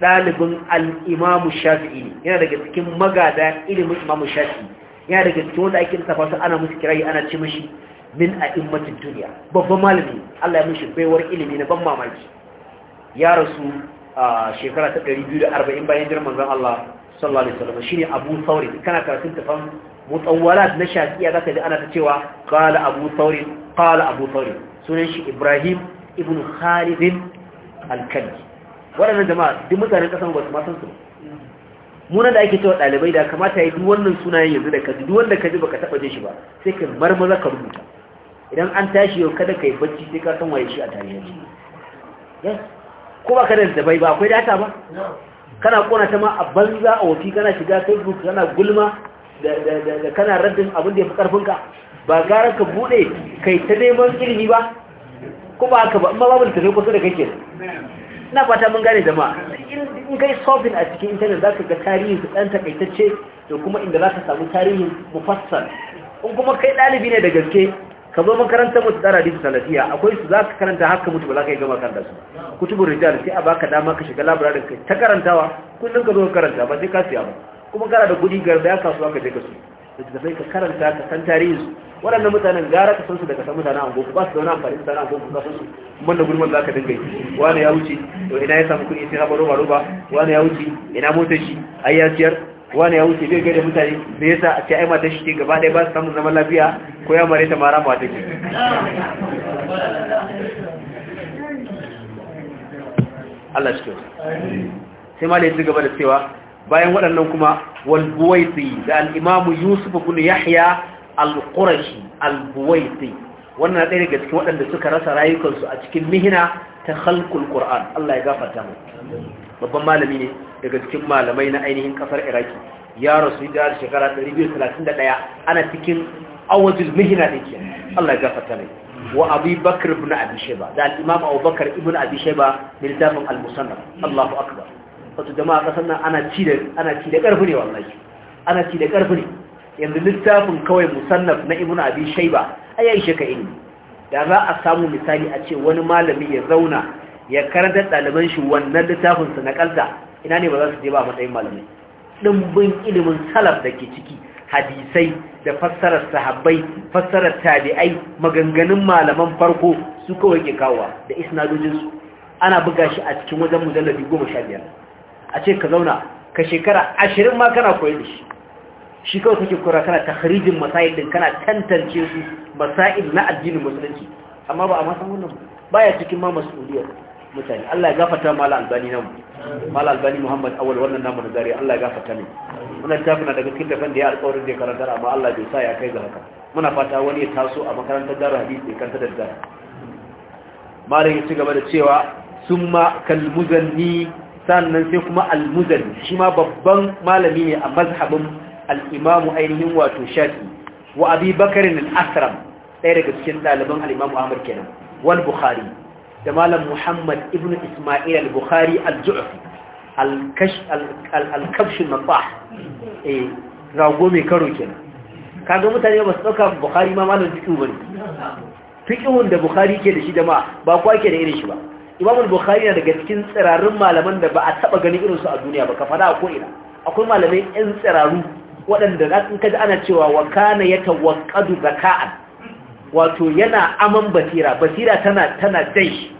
Al-Imamu shafi'i yana daga cikin magada ilimin imamu shafi'i yana daga cikin wanda ake lissafa su ana musu kirayi ana ci mashi min a duniya babban malami Allah ya mishi baiwar ilimi na ban mamaki ya rasu a shekara ta 240 bayan jirman zan Allah sallallahu alaihi wasallam shine abu sauri kana karatun tafan mutawwalat na shafiya zaka ji ana ta cewa qala abu sauri qala abu sauri sunan shi ibrahim ibn Khalidin al-kalbi waɗannan jama'a duk mutanen ƙasar ba su ma san su Munan da ake cewa ɗalibai da kamata ya duk wannan sunayen yanzu da kaji duk wanda ba ka taɓa jin shi ba sai ka marmaza ka rubuta idan an tashi yau kada ka yi bacci sai ka san waye shi a tarihi yes ko ba ka da dabai ba akwai data ba kana kona ta ma a banza a wafi kana shiga facebook kana gulma da kana raddin abin da ya fi karfinka ba gara ka bude kai ta neman ilimi ba ko ba ba amma babu kusa da kake na fata mun gane da ma in kai sobin a cikin intanet za ka ga tarihin su ɗan takaitacce da kuma inda za ka samu tarihin mufassal in kuma kai ɗalibi ne da gaske ka zo makaranta mutu tsara hadisi salafiya akwai su za ka karanta haka mutu ba za ka yi gama karanta su kutubun rijal sai a baka dama ka shiga labirarin ka ta karantawa kullum ka zo ka karanta ba sai ka siya ba kuma kana da kuɗi garba ya kasuwa ka je ka su littattafai ka karanta ka san tarihin su waɗannan mutanen gara ka san su daga san mutanen ango ba su da wani amfani mutanen ango ka san su man da gulman za ka dinga yi wani ya wuce ina ya samu kuɗi sai na roba roba wani ya wuce ina motar shi ai ya siyar wani ya wuce bai gaida mutane da ya sa a ce aima ta shi gaba ɗaya ba su samun zaman lafiya ko ya mare ta mara ba take Allah shi sai ma da gaba da cewa bayan waɗannan kuma walbuwaiti da al'imamu yusuf bin yahya al-qurashi al-buwaiti wannan ɗaya daga cikin waɗanda suka rasa rayukansu a cikin mihina ta halkul qur'an Allah ya gafarta mu babban malami ne daga cikin malamai na ainihin kasar iraki ya rasu da shekara 231 ana cikin awajul mihina da ke Allah ya gafarta mai wa abu bakar ibn abi da al'imam abu bakar ibn abi shaiba da littafin al-musannaf Allahu akbar wato jama'a kasar nan ana ci da ana karfi ne wallahi ana ci da karfi ne yanzu littafin kawai musannaf na ibn abi a yayi ya ishe da za a samu misali a ce wani malami ya zauna ya karanta ɗaliban shi wannan littafin su nakalta ina ne ba za su je ba matsayin malamai ɗimbin ilimin salaf da ke ciki hadisai da fassarar sahabbai fassarar tabi'ai maganganun malaman farko su kawai ke kawo da isnadojinsu ana buga shi a cikin wajen mujallabi goma sha biyar a ce ka zauna ka shekara ashirin ma kana koyi da shi shi kawai kake kura kana tahrijin masa'il din kana tantance su masa'il na addinin musulunci amma ba a masan wannan ba ya cikin ma masuliyar mutane Allah ya gafata mala albani namu mala albani muhammad awal wannan namu da gari Allah ya gafata ne muna tafi na daga cikin dafan da ya alƙawarin da ya karanta amma Allah bai sa ya kai ga haka muna fata wani ya taso a makarantar dara hadisi ya kanta da dara malam ya ci gaba da cewa summa muzanni sannan sai kuma muzanni shi ma babban malami ne a mazhabin al-imam ainihin wato shafi wa abi bakarin al-asram ɗaya daga cikin ɗaliban al-imam ahmad kenan wal bukhari da malam muhammad ibn ismail al-bukhari al-ju'fi al-kafshin mabah eh, rago mai karo kenan kaga mutane ba su dauka bukhari ma malam fiqhu bane fiqhun da bukhari ke da shi da ba kwa ke da irin shi ba imamul bukhari na daga cikin tsirarun malaman da ba a taba ganin irin su a duniya ba ka fada ko ina akwai malamai yan tsiraru waɗanda ka ji ana cewa wa kana yatawaqqadu zaka'an wato yana aman basira basira tana tana dai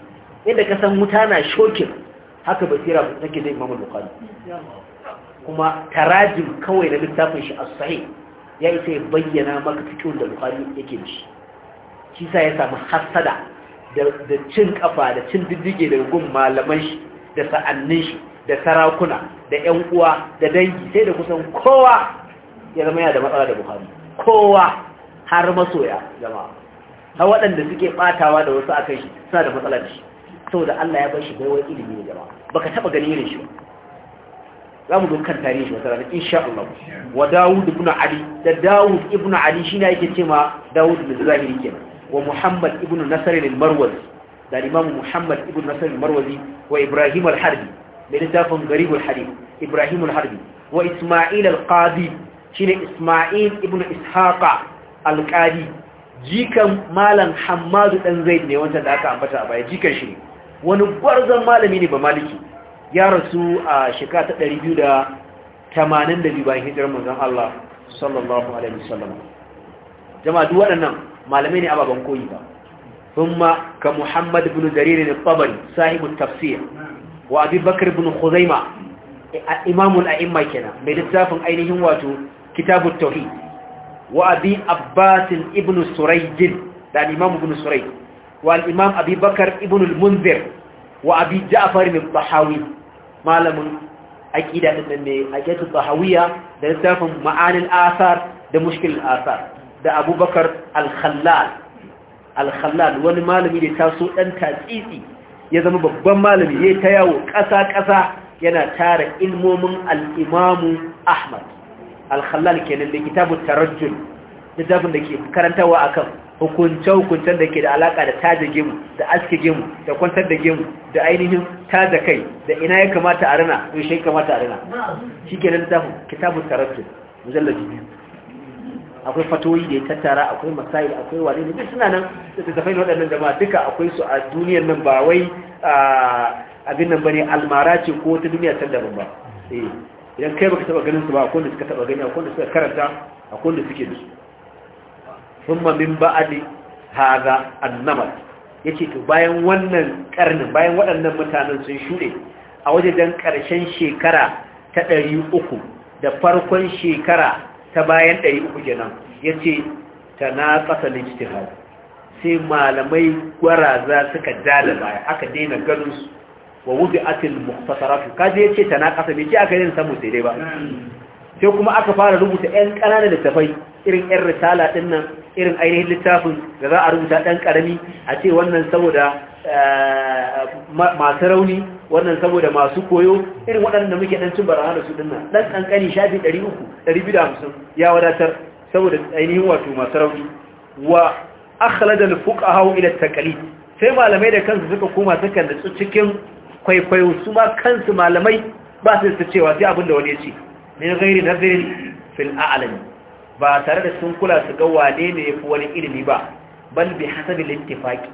inda ka san wuta na shokin haka basira ba take dai mamul Bukhari kuma tarajim kawai na littafin shi as-sahih ya isa ya bayyana maka cikin da Bukhari yake da shi shi sa ya samu hasada da cin kafa da cin diddige daga gun malaman shi da sa'annin shi da sarakuna da 'yan uwa da dangi sai da kusan kowa ya zama yana da matsala da Bukhari kowa har masoya jama'a har waɗanda suke ɓatawa da wasu a akan shi suna da matsala da shi da Allah ya bar shi baiwar ilimi ne jama'a Ba ka taɓa ganin yin shi za mu zo kan tarihi wata rana insha Allah wa Dawud ibn Ali da Dawud ibn Ali shi ne ce ma Dawud bin Zahiri kenan wa Muhammad ibn Nasr al-Marwazi da Imam Muhammad ibn Nasr al-Marwazi wa Ibrahim al-Harbi da littafin Garib al-Hadith Ibrahim al-Harbi wa Isma'il al-Qadi shine Isma'il ibn Ishaqa alƙali jikan malam hamadu ɗan zai ne wancan da aka ambata a baya jikan shi wani gwarzon malami ne ba maliki ya rasu a shekara ta 282 bayan hijirar manzon Allah sallallahu alaihi wasallam jama'a duk waɗannan malamai ne ababan koyi ba thumma ka Muhammad bin Jarir al-Tabari sahibul tafsir wa Abi Bakr ibn Khuzaimah imamul a'imma kenan mai littafin ainihin wato kitabut tauhid wa abbasin abbas ibn surayd da imam ibn surayd wa al abi bakar ibn munzir wa abi ja'far ibn tahawi malamin aqida din ne aqidatu da littafin ma'anil asar da mushkil asar da abubakar al-khallal al-khallal wani malami da taso dan tatsitsi ya zama babban malami ya ta yawo ƙasa-ƙasa yana tara ilmomin al'imamu imamu ahmad al-khallal kenan da kitabut tarajjul littafin da ke karantawa akan hukuncin-hukuncin da ke da alaka da taje gemu da aske gemu da kwantar da gemu da ainihin taje kai da ina ya kamata a rana yaushe ya kamata a rana shi ke nan da kitabun tarabtun mujallabi biyu akwai fatoyi da ya tattara akwai masayi akwai wani ne suna nan da tafai na waɗannan jama'a duka akwai su a duniyar nan ba wai ah, abin nan bane almara ce ko ta duniya can daban ba eh. idan kai baka taba ganin su ba akwai da suka taba gani akwai da suka karanta akwai da suke da su min ba'adi haza annamal yake yace to bayan wannan karnin bayan waɗannan mutanen sun shuɗe a waje dan karshen shekara ta ɗari da farkon shekara ta bayan ɗari kenan yace na al lijtihad sai malamai gwaraza suka dala baya aka daina ganin su wa wuzi atil muhtasaratu kaje yace ta na kasa bai ce aka yi samu sai dai ba sai kuma aka fara rubuta ƴan ƙananan littafai irin ƴan risala ɗin nan irin ainihin littafin da za a rubuta ɗan ƙarami a ce wannan saboda eh, masu rauni wannan saboda masu koyo irin waɗanda muke ɗan cin baraha da su ɗin nan ɗan ƙanƙani shafi ɗari uku ɗari biyu da hamsin ya wadatar saboda ainihin wato masu rauni wa akhlada al-fuqaha ila taqalid sai malamai da kansu suka koma suka nutsu cikin kwaikwayo su ma kansu malamai ba su su cewa sai abinda wani ce min gairi nazirin fil a'lam ba tare da sun kula su ga wane ne yafi wani ilimi ba bal bi hasabi littifaqi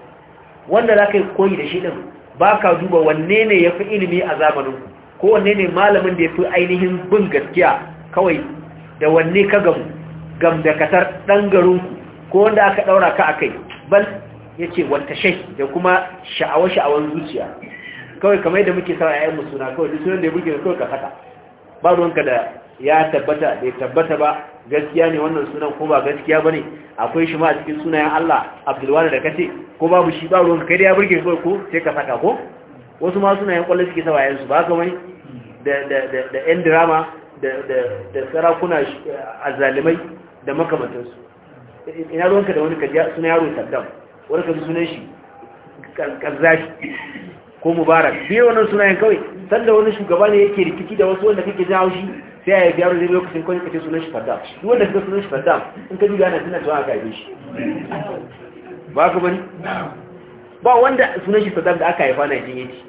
wanda zaka yi koyi da shi din baka duba wanne ne yafi ilimi a zamanin ko wanne ne malamin da yafi ainihin bin gaskiya kawai da wanne ka gamu gam da katar dan garin ku ko wanda aka daura ka akai bal yace wanta shai da kuma sha'awa sha'awan zuciya kawai kamar yadda muke sa ƴaƴan mu suna kawai duk sunan da ya burge kawai ka saka ba ruwanka da ya tabbata bai tabbata ba gaskiya ne wannan sunan ko ba gaskiya bane akwai shi ma a cikin sunayen Allah Abdulwani da kace ko babu shi ba ruwanka kai da ya burge kawai ko sai ka saka ko wasu ma sunayen kwallo suke sa ƴaƴan su ba kamar da da da da ƴan drama da da da sarakuna eh, azalimai da makamantansu ina ruwanka da wani ka sunan yaro Saddam wani fi sunan shi kazzashi ko mubarak biyo wannan sunayen kawai sanda wani shugaba ne yake rikici da wasu wanda kake jawo shi sai ya biya zai lokacin kawai kace sunan shi Saddam duk wanda kace sunan shi Saddam in ka duba yana tana zuwa aka yi shi ba ku bani ba wanda sunan shi Saddam da aka haifa na jin yake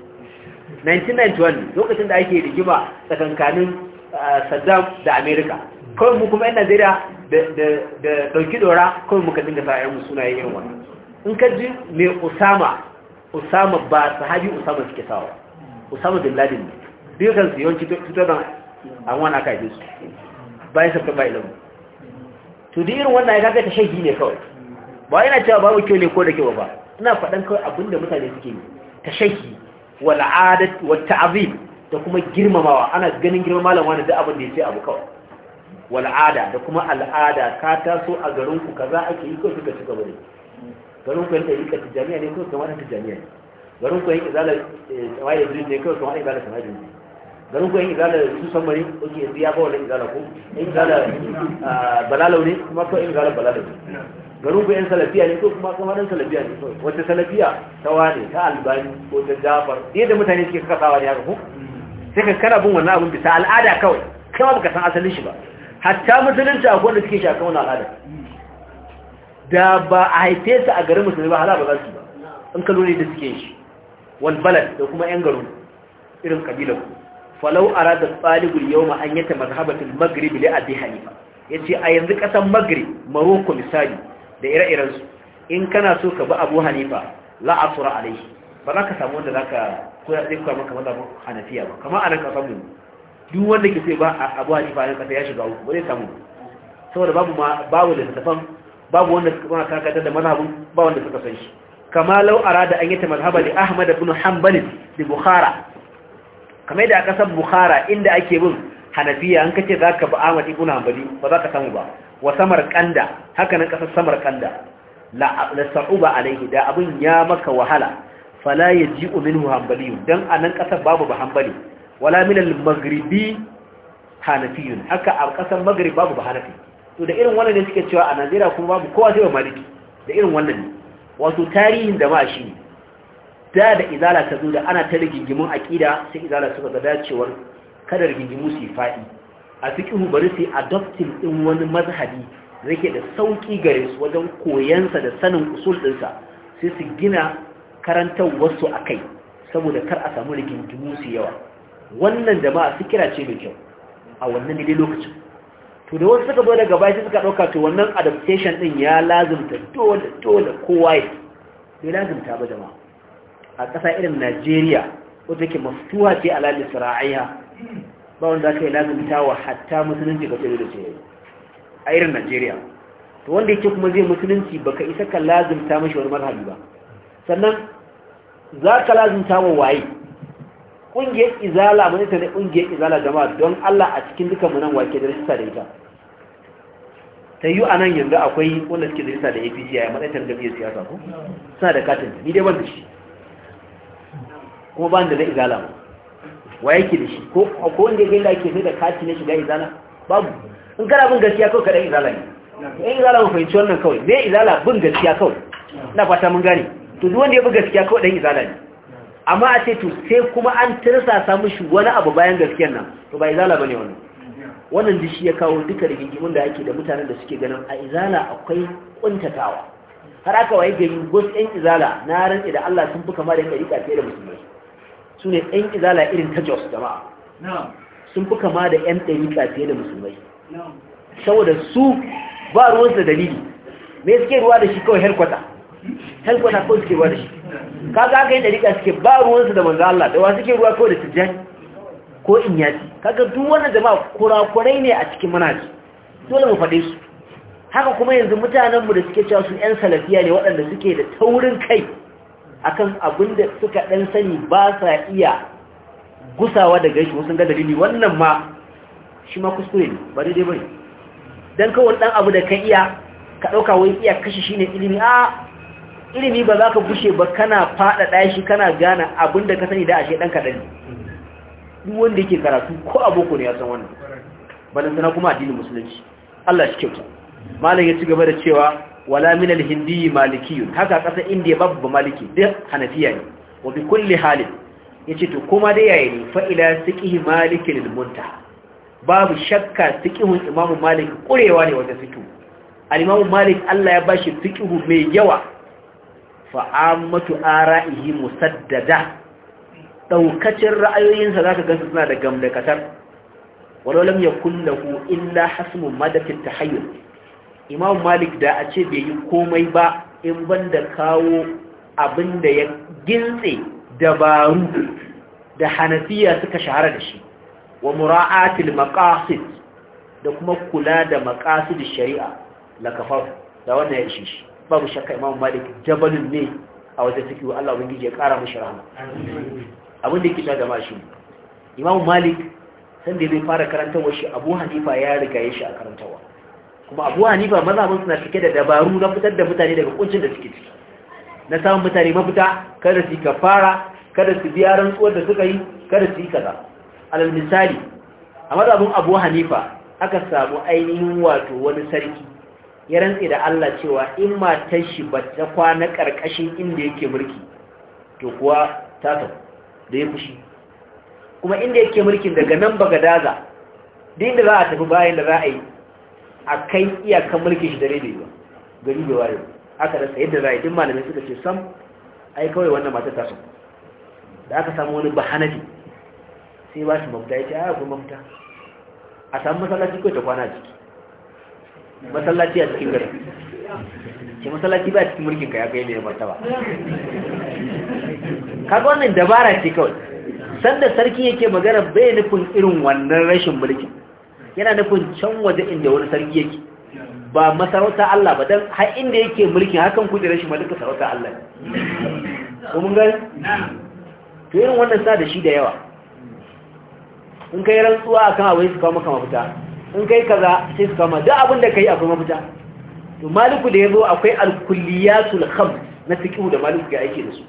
1991 lokacin da ake rigima tsakankanin eh, Saddam da America kawai mu kuma yan Najeriya da dauki dora kawai muka dinga sa ‘yan sunaye irin wani in ka ji mai usama usama ba sahabi usama suke sawa usama bin ladin ne dukkan su yawanci da an wana aka yi su bayan september 11 to da irin wannan ya kaga ta shaidi ne kawai ba yana cewa babu kyau ne ko da kyau ba ina faɗan kawai abinda mutane suke yi ta shaidi wal adat wat da kuma girmamawa ana ganin girman malam wani duk abin da ya ce abu kawai wal ada da kuma al'ada ka taso a garin ku kaza ake yi kawai suka ci gaba da garin ku yi rika jami'a ne kawai kamar jami'a ne garin ku yanka zala tsamai eh, da ne kawai kamar izala tsamai da ne garin ku yanka zala su samari oke yanzu ya ba wani zala ko yanka zala ah, balalau ne kuma kawai yanka zala balalau ne garin ku salafiya ne ko kuma kamar ɗan salafiya ne wata salafiya ta wane ta albani ko ta jafar ne da mutane suke kasawa ne haka ko sai ka kana bin wannan abin bisa al'ada kawai kama baka san asalin shi ba hatta musulunci akwai wanda suke shi wani al'ada da ba a haife su a garin musulmi ba hala ba za su ba in ka ne da suke shi wal balad da kuma yan garin irin kabila ku falau arada talibul yawma an yata mazhabatul maghrib li abi Ya yace a yanzu kasan maghrib maroko misali da ire-iren su in kana so ka bi abu hanifa la asra alayhi ba za ka samu wanda za ka koya zai koya maka mazhabin hanafiya ba kamar nan ka mu duk wanda ke sai ba abu hanifa nan kasa ya shiga uku ba zai samu saboda babu ma babu littafan babu wanda suka kuma karkatar da mazhabin ba wanda suka san shi kama law arada an yata mazhaba li ahmad ibn hanbal li bukhara kamar da kasar bukhara inda ake bin hanafiya an kace zaka ba ahmad ibn hanbali ba zaka samu ba wa kanda haka nan kasar kanda la la sa'uba alaihi da abun ya maka wahala fala yaji'u minhu hanbali dan anan kasar babu ba hanbali wala min al-maghribi hanafiyun haka a kasar maghrib babu ba hanafi to da irin wannan ne suke cewa a Najeriya kuma babu kowa sai maliki da irin wannan ne wato tarihin da ma shi da da izala ta zo da ana ta rigingimin aƙida sai izala suka ga dacewar kada rigingimu su faɗi a cikin bari su adopting din wani mazhabi zake da sauki gare su wajen koyansa da sanin usul ɗinsa sai su gina karantar wasu a kai saboda kar a samu rigingimu su yawa wannan jama'a su kira ce mai kyau a wannan dai lokacin to da wasu suka zo daga baya suka ɗauka to wannan adaptation ɗin ya lazumta dole dole kowa ya bai lazumta ba jama'a a ƙasa irin najeriya wata ke mafituwa ce ala isra'iya ba wanda aka yi lazumta wa hatta musulunci ga sai da ce a irin najeriya to wanda yake kuma zai musulunci baka isa ka lazumta mashi wani marhabi ba sannan za ka lazumta wa waye ƙungiyar izala mun ta ne ƙungiyar izala jama'a don Allah a cikin duka munan wake da rista da ita ta yi a nan yanzu akwai wanda suke da rista da APC a matsayin gabiyar siyasa ko suna da katin ni dai ban da shi kuma ban da zai izala ba wa yake da shi ko a wanda ya gaida ke sai da kati na shiga izala babu in kana bin gaskiya kawai kaɗan izala ne in eh, izala mu fahimci wannan kawai me izala bin gaskiya kawai ina fata mun gane to duk wanda ya bi gaskiya kawai ɗan izala ne amma a ce to sai kuma an tirsa samu shi wani abu bayan gaskiyar nan to ba izala bane wannan wannan dishi ya kawo duka rigingimin da ake da mutanen da suke ganin a izala akwai kuntatawa har aka waye gari wasu yan izala na ran da Allah sun fi kama da yan dariƙa da musulmai su ne yan izala irin ta Jos jama'a sun fi kama da yan dariƙa fiye da musulmai saboda su ba ruwansa da dalili me suke ruwa da shi kawai helkwata halko na kawai suke wani kaga aka yi ɗariƙa suke ba ruwansu da manzo Allah da wasu ke ruwa kawai da tijjani ko in yaji kaga duk wannan jama'a kurakurai ne a cikin manaji dole mu faɗe su haka kuma yanzu mutanenmu da suke cewa su 'yan salafiya ne waɗanda suke da taurin kai akan abin da suka ɗan sani ba sa iya gusawa daga shi wasu ga dalili wannan ma shi ma kuskure ne ba daidai bane dan kawai ɗan abu da ka iya ka ɗauka wai iya kashi shine ilimi a ilimi ba za ka gushe ba kana faɗaɗa shi kana gane abin da ka sani da ashe ɗan kaɗani. duk wanda yake karatu ko aboko ne ya san wannan balin sana kuma addinin musulunci Allah shi kyauta malam ya ci gaba da cewa wala min al malikiyun haka kasar indiya babu ba maliki duk hanafiya ne wa bi kulli halin yace to kuma da yayi ne fa ila siqi malikin al babu shakka siqihun imam malik kurewa ne wajen fito. al malik Allah ya bashi fiqhu mai yawa fa'ammatu ara'ihi musaddada ɗaukacin ra'ayoyinsa zaka gansu suna da gamdakatar walau ya kunna ku illa hasmu madafin ta tahayyul imam malik da a ce bai yi komai ba in banda kawo abin da ya gintse dabaru da hanafiya suka shahara da shi wa mura'atil maqasid da kuma kula da maqasid shari'a la kafar da wannan ya ishe shi babu shakka imam malik jabalin ne a wajen fikihu Allah ubangiji ya kara mishi rahama abin da yake ta jama'a shi imam malik san da zai fara karantarwa shi abu hanifa ya riga ya shi a karantarwa kuma abu hanifa mazhabin suna cike da dabaru na fitar da mutane daga kuncin da suke ciki na samun mutane mafita kada su yi kafara kada su biya rantsuwar da suka yi kada su yi kaza alal misali a mazhabin abu hanifa aka samu ainihin wato wani sarki ya rantse da Allah cewa in matar shi ba ta kwana ƙarƙashin inda yake mulki to kuwa ta ta da ya fushi kuma inda yake mulkin daga nan baga daza da inda za a tafi bayan da za a yi a kai iyakan mulkin shi da rai ba, gari da wayo aka rasa yadda za a yi duk malamai suka ce sam ai kawai wannan matar ta so da aka samu wani bahanaji sai ba shi mafita ya ce a akwai mafita a samu masallaci kawai ta kwana ciki masallaci a cikin gari ke masallaci ba a cikin mulkin ka ya kai mai ba kaga wannan dabara ce kawai sanda sarki yake magana bai nufin irin wannan rashin mulkin yana nufin can waje inda wani sarki yake ba masarauta Allah ba dan har inda yake mulkin hakan kudi rashin mulkin sarauta Allah ko mun gani to irin wannan sa da shi da yawa in kai rantsuwa akan abin su kawo maka mafita in kai kaza sai su kama duk abin da kai akwai mafita to maliku da yazo akwai al-kulliyatul khams na fiqh da maliku ya aiki da su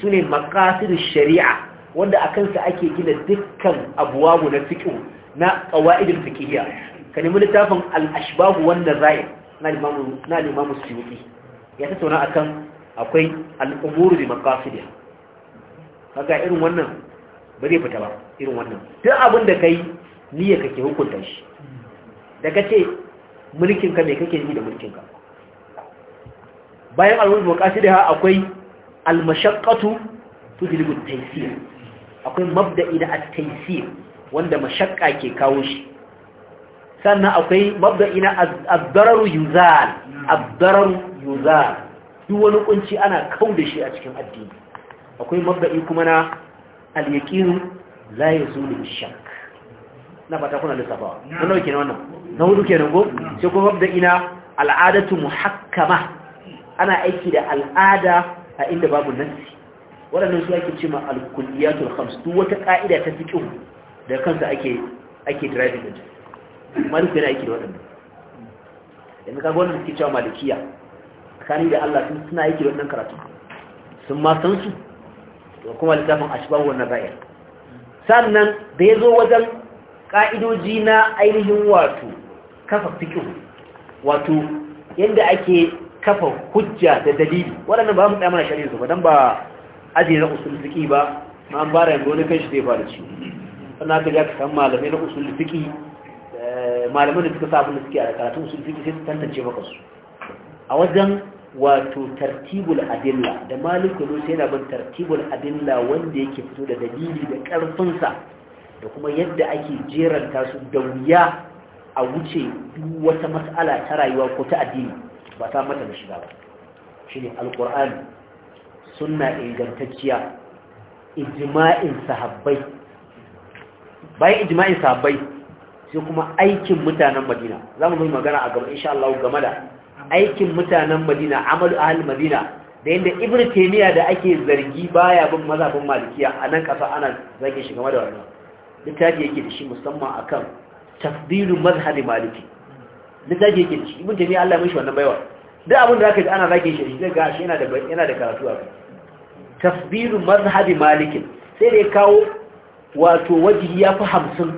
sune maqasidush shari'a wanda akan sa ake gina dukkan abuwabu na fiqh na qawaidul fiqhiyya ka nemi littafin al-ashbah wan nazair na limamu na limamu suyuti ya akan akwai al-umuru bi maqasidiha kaga irin wannan ba zai fita ba irin wannan duk abin da kai niyya kake hukunta shi daga ce mulkinka mai kake yi da mulkin ka bayan da ha akwai almashaqqatu tudlibu at-taysir akwai mabda'i da at wanda mashaqqa ke kawo shi sannan akwai mabda'i na ad-dararu yuzal ad-dararu yuzal duk wani kunci ana kauda shi a cikin addini akwai mabda'i kuma na al-yaqinu la yazulu bi-shakk na fata kuna lissafawa na nauke na wannan na hudu kenan go sai kuma da ina al'adatu muhakkama ana aiki da al'ada a inda babu nassi waɗannan su ake cewa al-kulliyatul khams duk wata ka'ida ta fiqh da kansa ake ake driving din maliku yana aiki da waɗannan yanzu kaga wannan suke cewa malikiya tsakani da Allah sun suna aiki da waɗannan karatu sun ma san su da kuma littafin ashbahu wa nazair sannan da yazo wajen ka'idoji na ainihin wato kafa fikihu wato yadda ake kafa hujja da dalili waɗannan ba mu tsaya mana shari'a ba dan ba ajiye na usul fiqi ba ma an bara yanzu wani kanshi zai fara ci sannan haka ga ka san malamai na usul fiqi eh, malamai da suka sa abin da suke a karatun usul fiqi sai su tantance maka su a wajen wato tartibul adilla da malikulu sai na bin tartibul adilla wanda yake fito da dalili da karfinsa da kuma yadda ake jeranta su da wuya a wuce wata matsala ta rayuwa ko ta addini ba ta mata da shiga ba ne alqur'ani suna ingantacciya ijima'in sahabbai bayan ijima'in sahabbai sai kuma aikin mutanen Madina mu yi magana a gaba insha Allah game da aikin mutanen Madina amalu ahli Madina da yadda ibn taymiya da ake zargi baya bin mazhabin malikiya a nan kasa ana zage shi game da wannan littafi yake da shi musamman a kan tafdilin mazhabi maliki littafi yake da shi ibin jami'a Allah ya mishi wannan baiwa duk abin da ka ji ana zage shi zai gashi yana da yana da karatu a kai tafdilul mazhabi maliki sai da ya kawo wato wajihi ya fi hamsin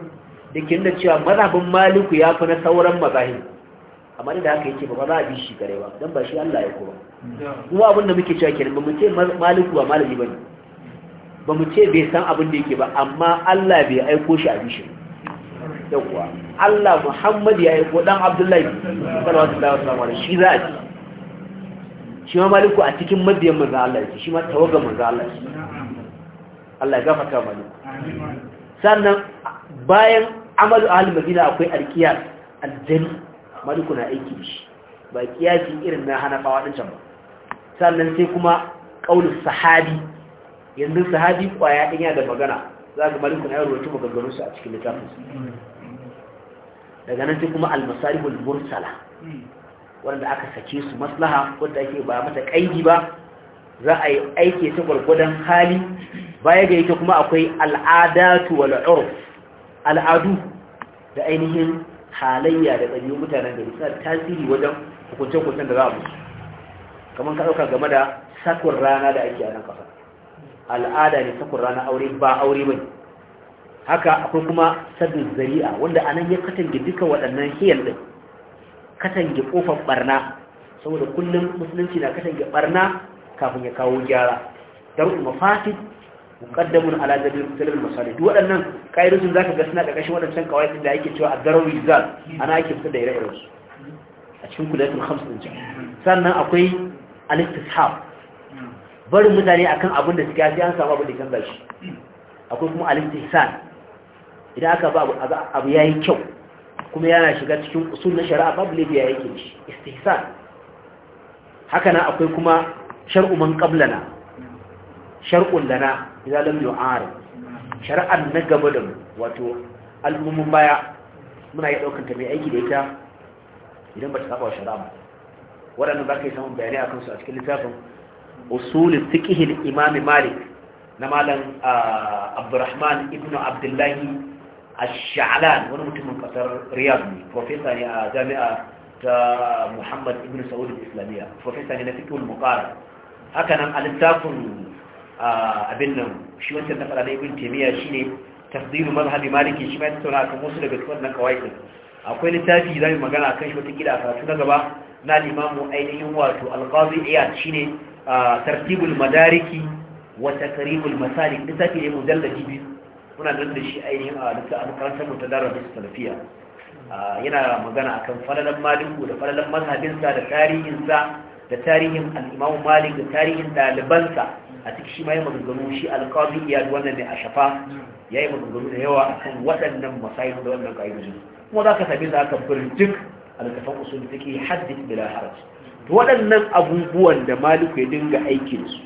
da ke nuna cewa mazhabin maliku ya fi na sauran mazahib amma da haka yake ba za a bi shi gare ba don ba shi Allah ya kuma kuma abin da muke cewa kenan ba mu ce maliku ba malami ba ne ba mu ce bai san abin da yake ba amma Allah bai aiko shi a bishi yawwa Allah Muhammad ya aiko dan Abdullahi sallallahu alaihi shi za a ji shi ma maliku a cikin madiyan manzo Allah yake shi ma tawaga manzo Allah yake Allah ya gafarta maliku sannan bayan amalu ahli madina akwai alqiyas aljani maliku na aiki shi ba kiyasi irin na hana din can ba sannan sai kuma qaulus sahabi yanzu sahabi kwaya ɗin yana da magana za ga malikun ayar rubutu maganganunsu a cikin littafin daga nan sai kuma almasarihul mursala wanda aka sake su maslaha wanda ake ba mata kaidi ba za a yi aiki ta gwargwadon hali baya ga ita kuma akwai al'adatu wal urf al'adu da ainihin halayya da ɗabi'un mutanen gari suna tasiri wajen hukunce-hukuncen da za a musu kamar ka ɗauka game da sakon rana da ake a nan ƙasa al'ada ne takun ranar aure ba aure bane haka akwai kuma sabin zari'a wanda anan ya katange duka waɗannan hiyar din katange kofar barna saboda kullum musulunci na katange barna kafin ya kawo gyara daru mafasid muqaddamun ala zabil musalil masalih duk waɗannan za zaka ga suna daga shi waɗannan kawai da yake cewa a darawi rizal ana yake fitar da ire-iren su a cikin kudatul khams sannan akwai al-istishab barin mutane akan abin da suke sai an samu abin da kan gashi akwai kuma al-ihsan idan aka ba abu ya yi kyau kuma yana shiga cikin usul na shari'a babu lafiya yake shi istihsan haka nan akwai kuma shar'uman man qablana shar'un lana idan lam yu'arif shari'an na gaba da mu wato al'ummun baya muna yi daukar ta mai aiki da ita idan ba ta saba shari'a ba waɗannan za ka yi samun bayanai akan su a cikin littafin usulin fiqh imami imam malik na malam abdurrahman ibn abdullahi ash-sha'lan wani mutumin kasar riyadh ne ne a jami'a ta muhammad ibn saud al-islamiyya professor ne na fiqh al haka nan a littafin abin nan shi wancan na na ibn taymiya shine tafdilu mazhabi maliki shi ma ya tattauna akan wasu daga cikin wannan akwai littafi za mu magana kan shi wata gida a karatu na gaba na limamu ainihin wato alqazi iyad shine tartibul madariki wa takribul masalik lissafi ne mujalladi biyu muna nan da shi ainihin a duka makarantar mutum da rabu salafiya yana magana akan falalan maliku da falalan mazhabinsa da tarihinsa da tarihin al'imam malik da tarihin dalibansa a cikin shi ma yi maganganu shi alƙawar iyali wannan ne a shafa ya yi maganganu da yawa akan waɗannan masayin da wannan ƙa'idojin kuma za ka same su duk birjik a littafin usul take haddis bila haraji waɗannan abubuwan da maliku ya dinga aikin su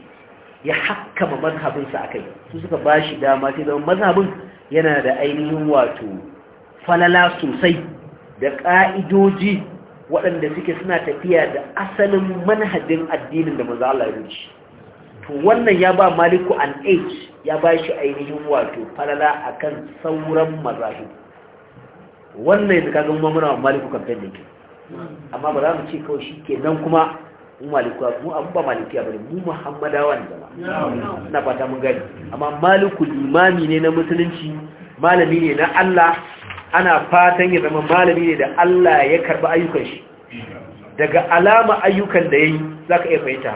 ya hakkama mazhabinsa a kai su suka ba shi dama sai zama mazhabin yana da ainihin wato falala sosai da ƙa'idoji waɗanda suke suna tafiya da asalin manhajin addinin da maza Allah ya to wannan ya ba maliku an age ya ba shi ainihin wato falala akan sauran mazhabin wannan ya yanzu kaga mamuna maliku kamfen da ke amma ba za mu ce kawai shi ke nan kuma mu malikuwa mu abu ba malikiya ba ne mu muhammadawa ne zama na fata mun gani amma maliku limami ne na musulunci malami ne na Allah ana fatan ya zama malami ne da Allah ya karba ayyukan shi daga alama ayyukan da ya yi za ka iya fahimta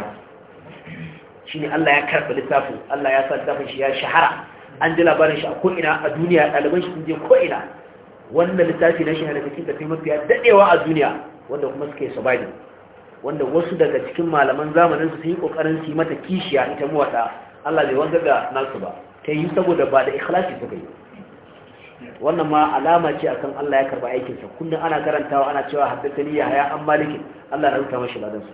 shi ne Allah ya karba littafin Allah ya sa littafin shi ya shahara an ji labarin shi a ko'ina a duniya ɗaliban shi sun je ko'ina wannan littafi na shi da tafi mafiya dadewa a duniya wanda kuma suka yi wanda wasu daga cikin malaman zamanin su yi kokarin su yi mata kishiya ita muwada Allah bai wanga ga nasu ba ta yi saboda ba da ikhlasi suka yi wannan ma alama ce akan Allah ya karba aikin sa kullun ana karantawa ana cewa haddathani ya haya an malikin Allah ya rubuta mashi ladan su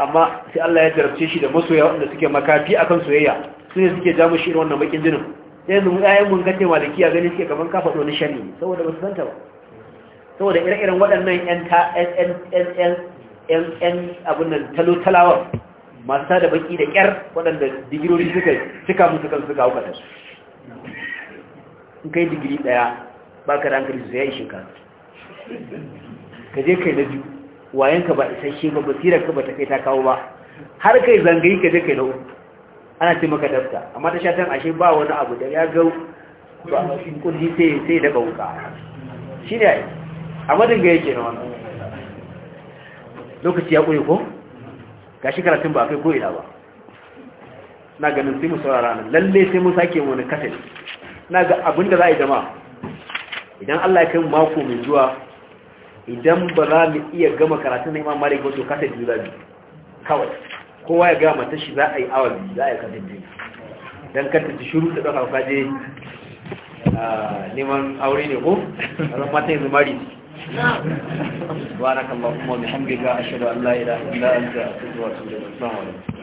amma sai Allah ya jarabce shi da masoya wanda suke makafi akan soyayya su ne suke ja mushi irin wannan bakin jinin sai mun ayan mun ga cewa malikiya gani suke kaman ka faɗo ni shani saboda basu su santa ba saboda ire-iren waɗannan yan ta yan yan yan abun nan talo talawar masu tada baki da ƙyar waɗanda digirori suka suka musu kan suka hauka su in kai digiri ɗaya ba ka da hankali su ya ishe ka ka je kai na biyu wayanka ba isasshe ba basirar ka ba ta kai ta kawo ba har kai zangayi ka je kai na uku ana ce maka dafta amma ta shatan ashe ba wani abu da ya gau ba kulli sai sai da bauka shi ne a madin ga yake na wannan lokaci ya kure ko gashi karatun ba kai ko ina ba na ganin sai mu saurara nan lalle sai mu sake wani kasance na ga abin da za a yi jama'a idan Allah ya kai mako mai zuwa idan ba za mu iya gama karatun na imam malik wato kasance biyu kawai kowa ya gama tashi za a yi awal za a yi katinti don ta shuru da ɗan alfaje je neman aure ne ko ran mata yanzu mari ba na kallon kuma da hamdiga a shirya allah ya da an da a da wasu da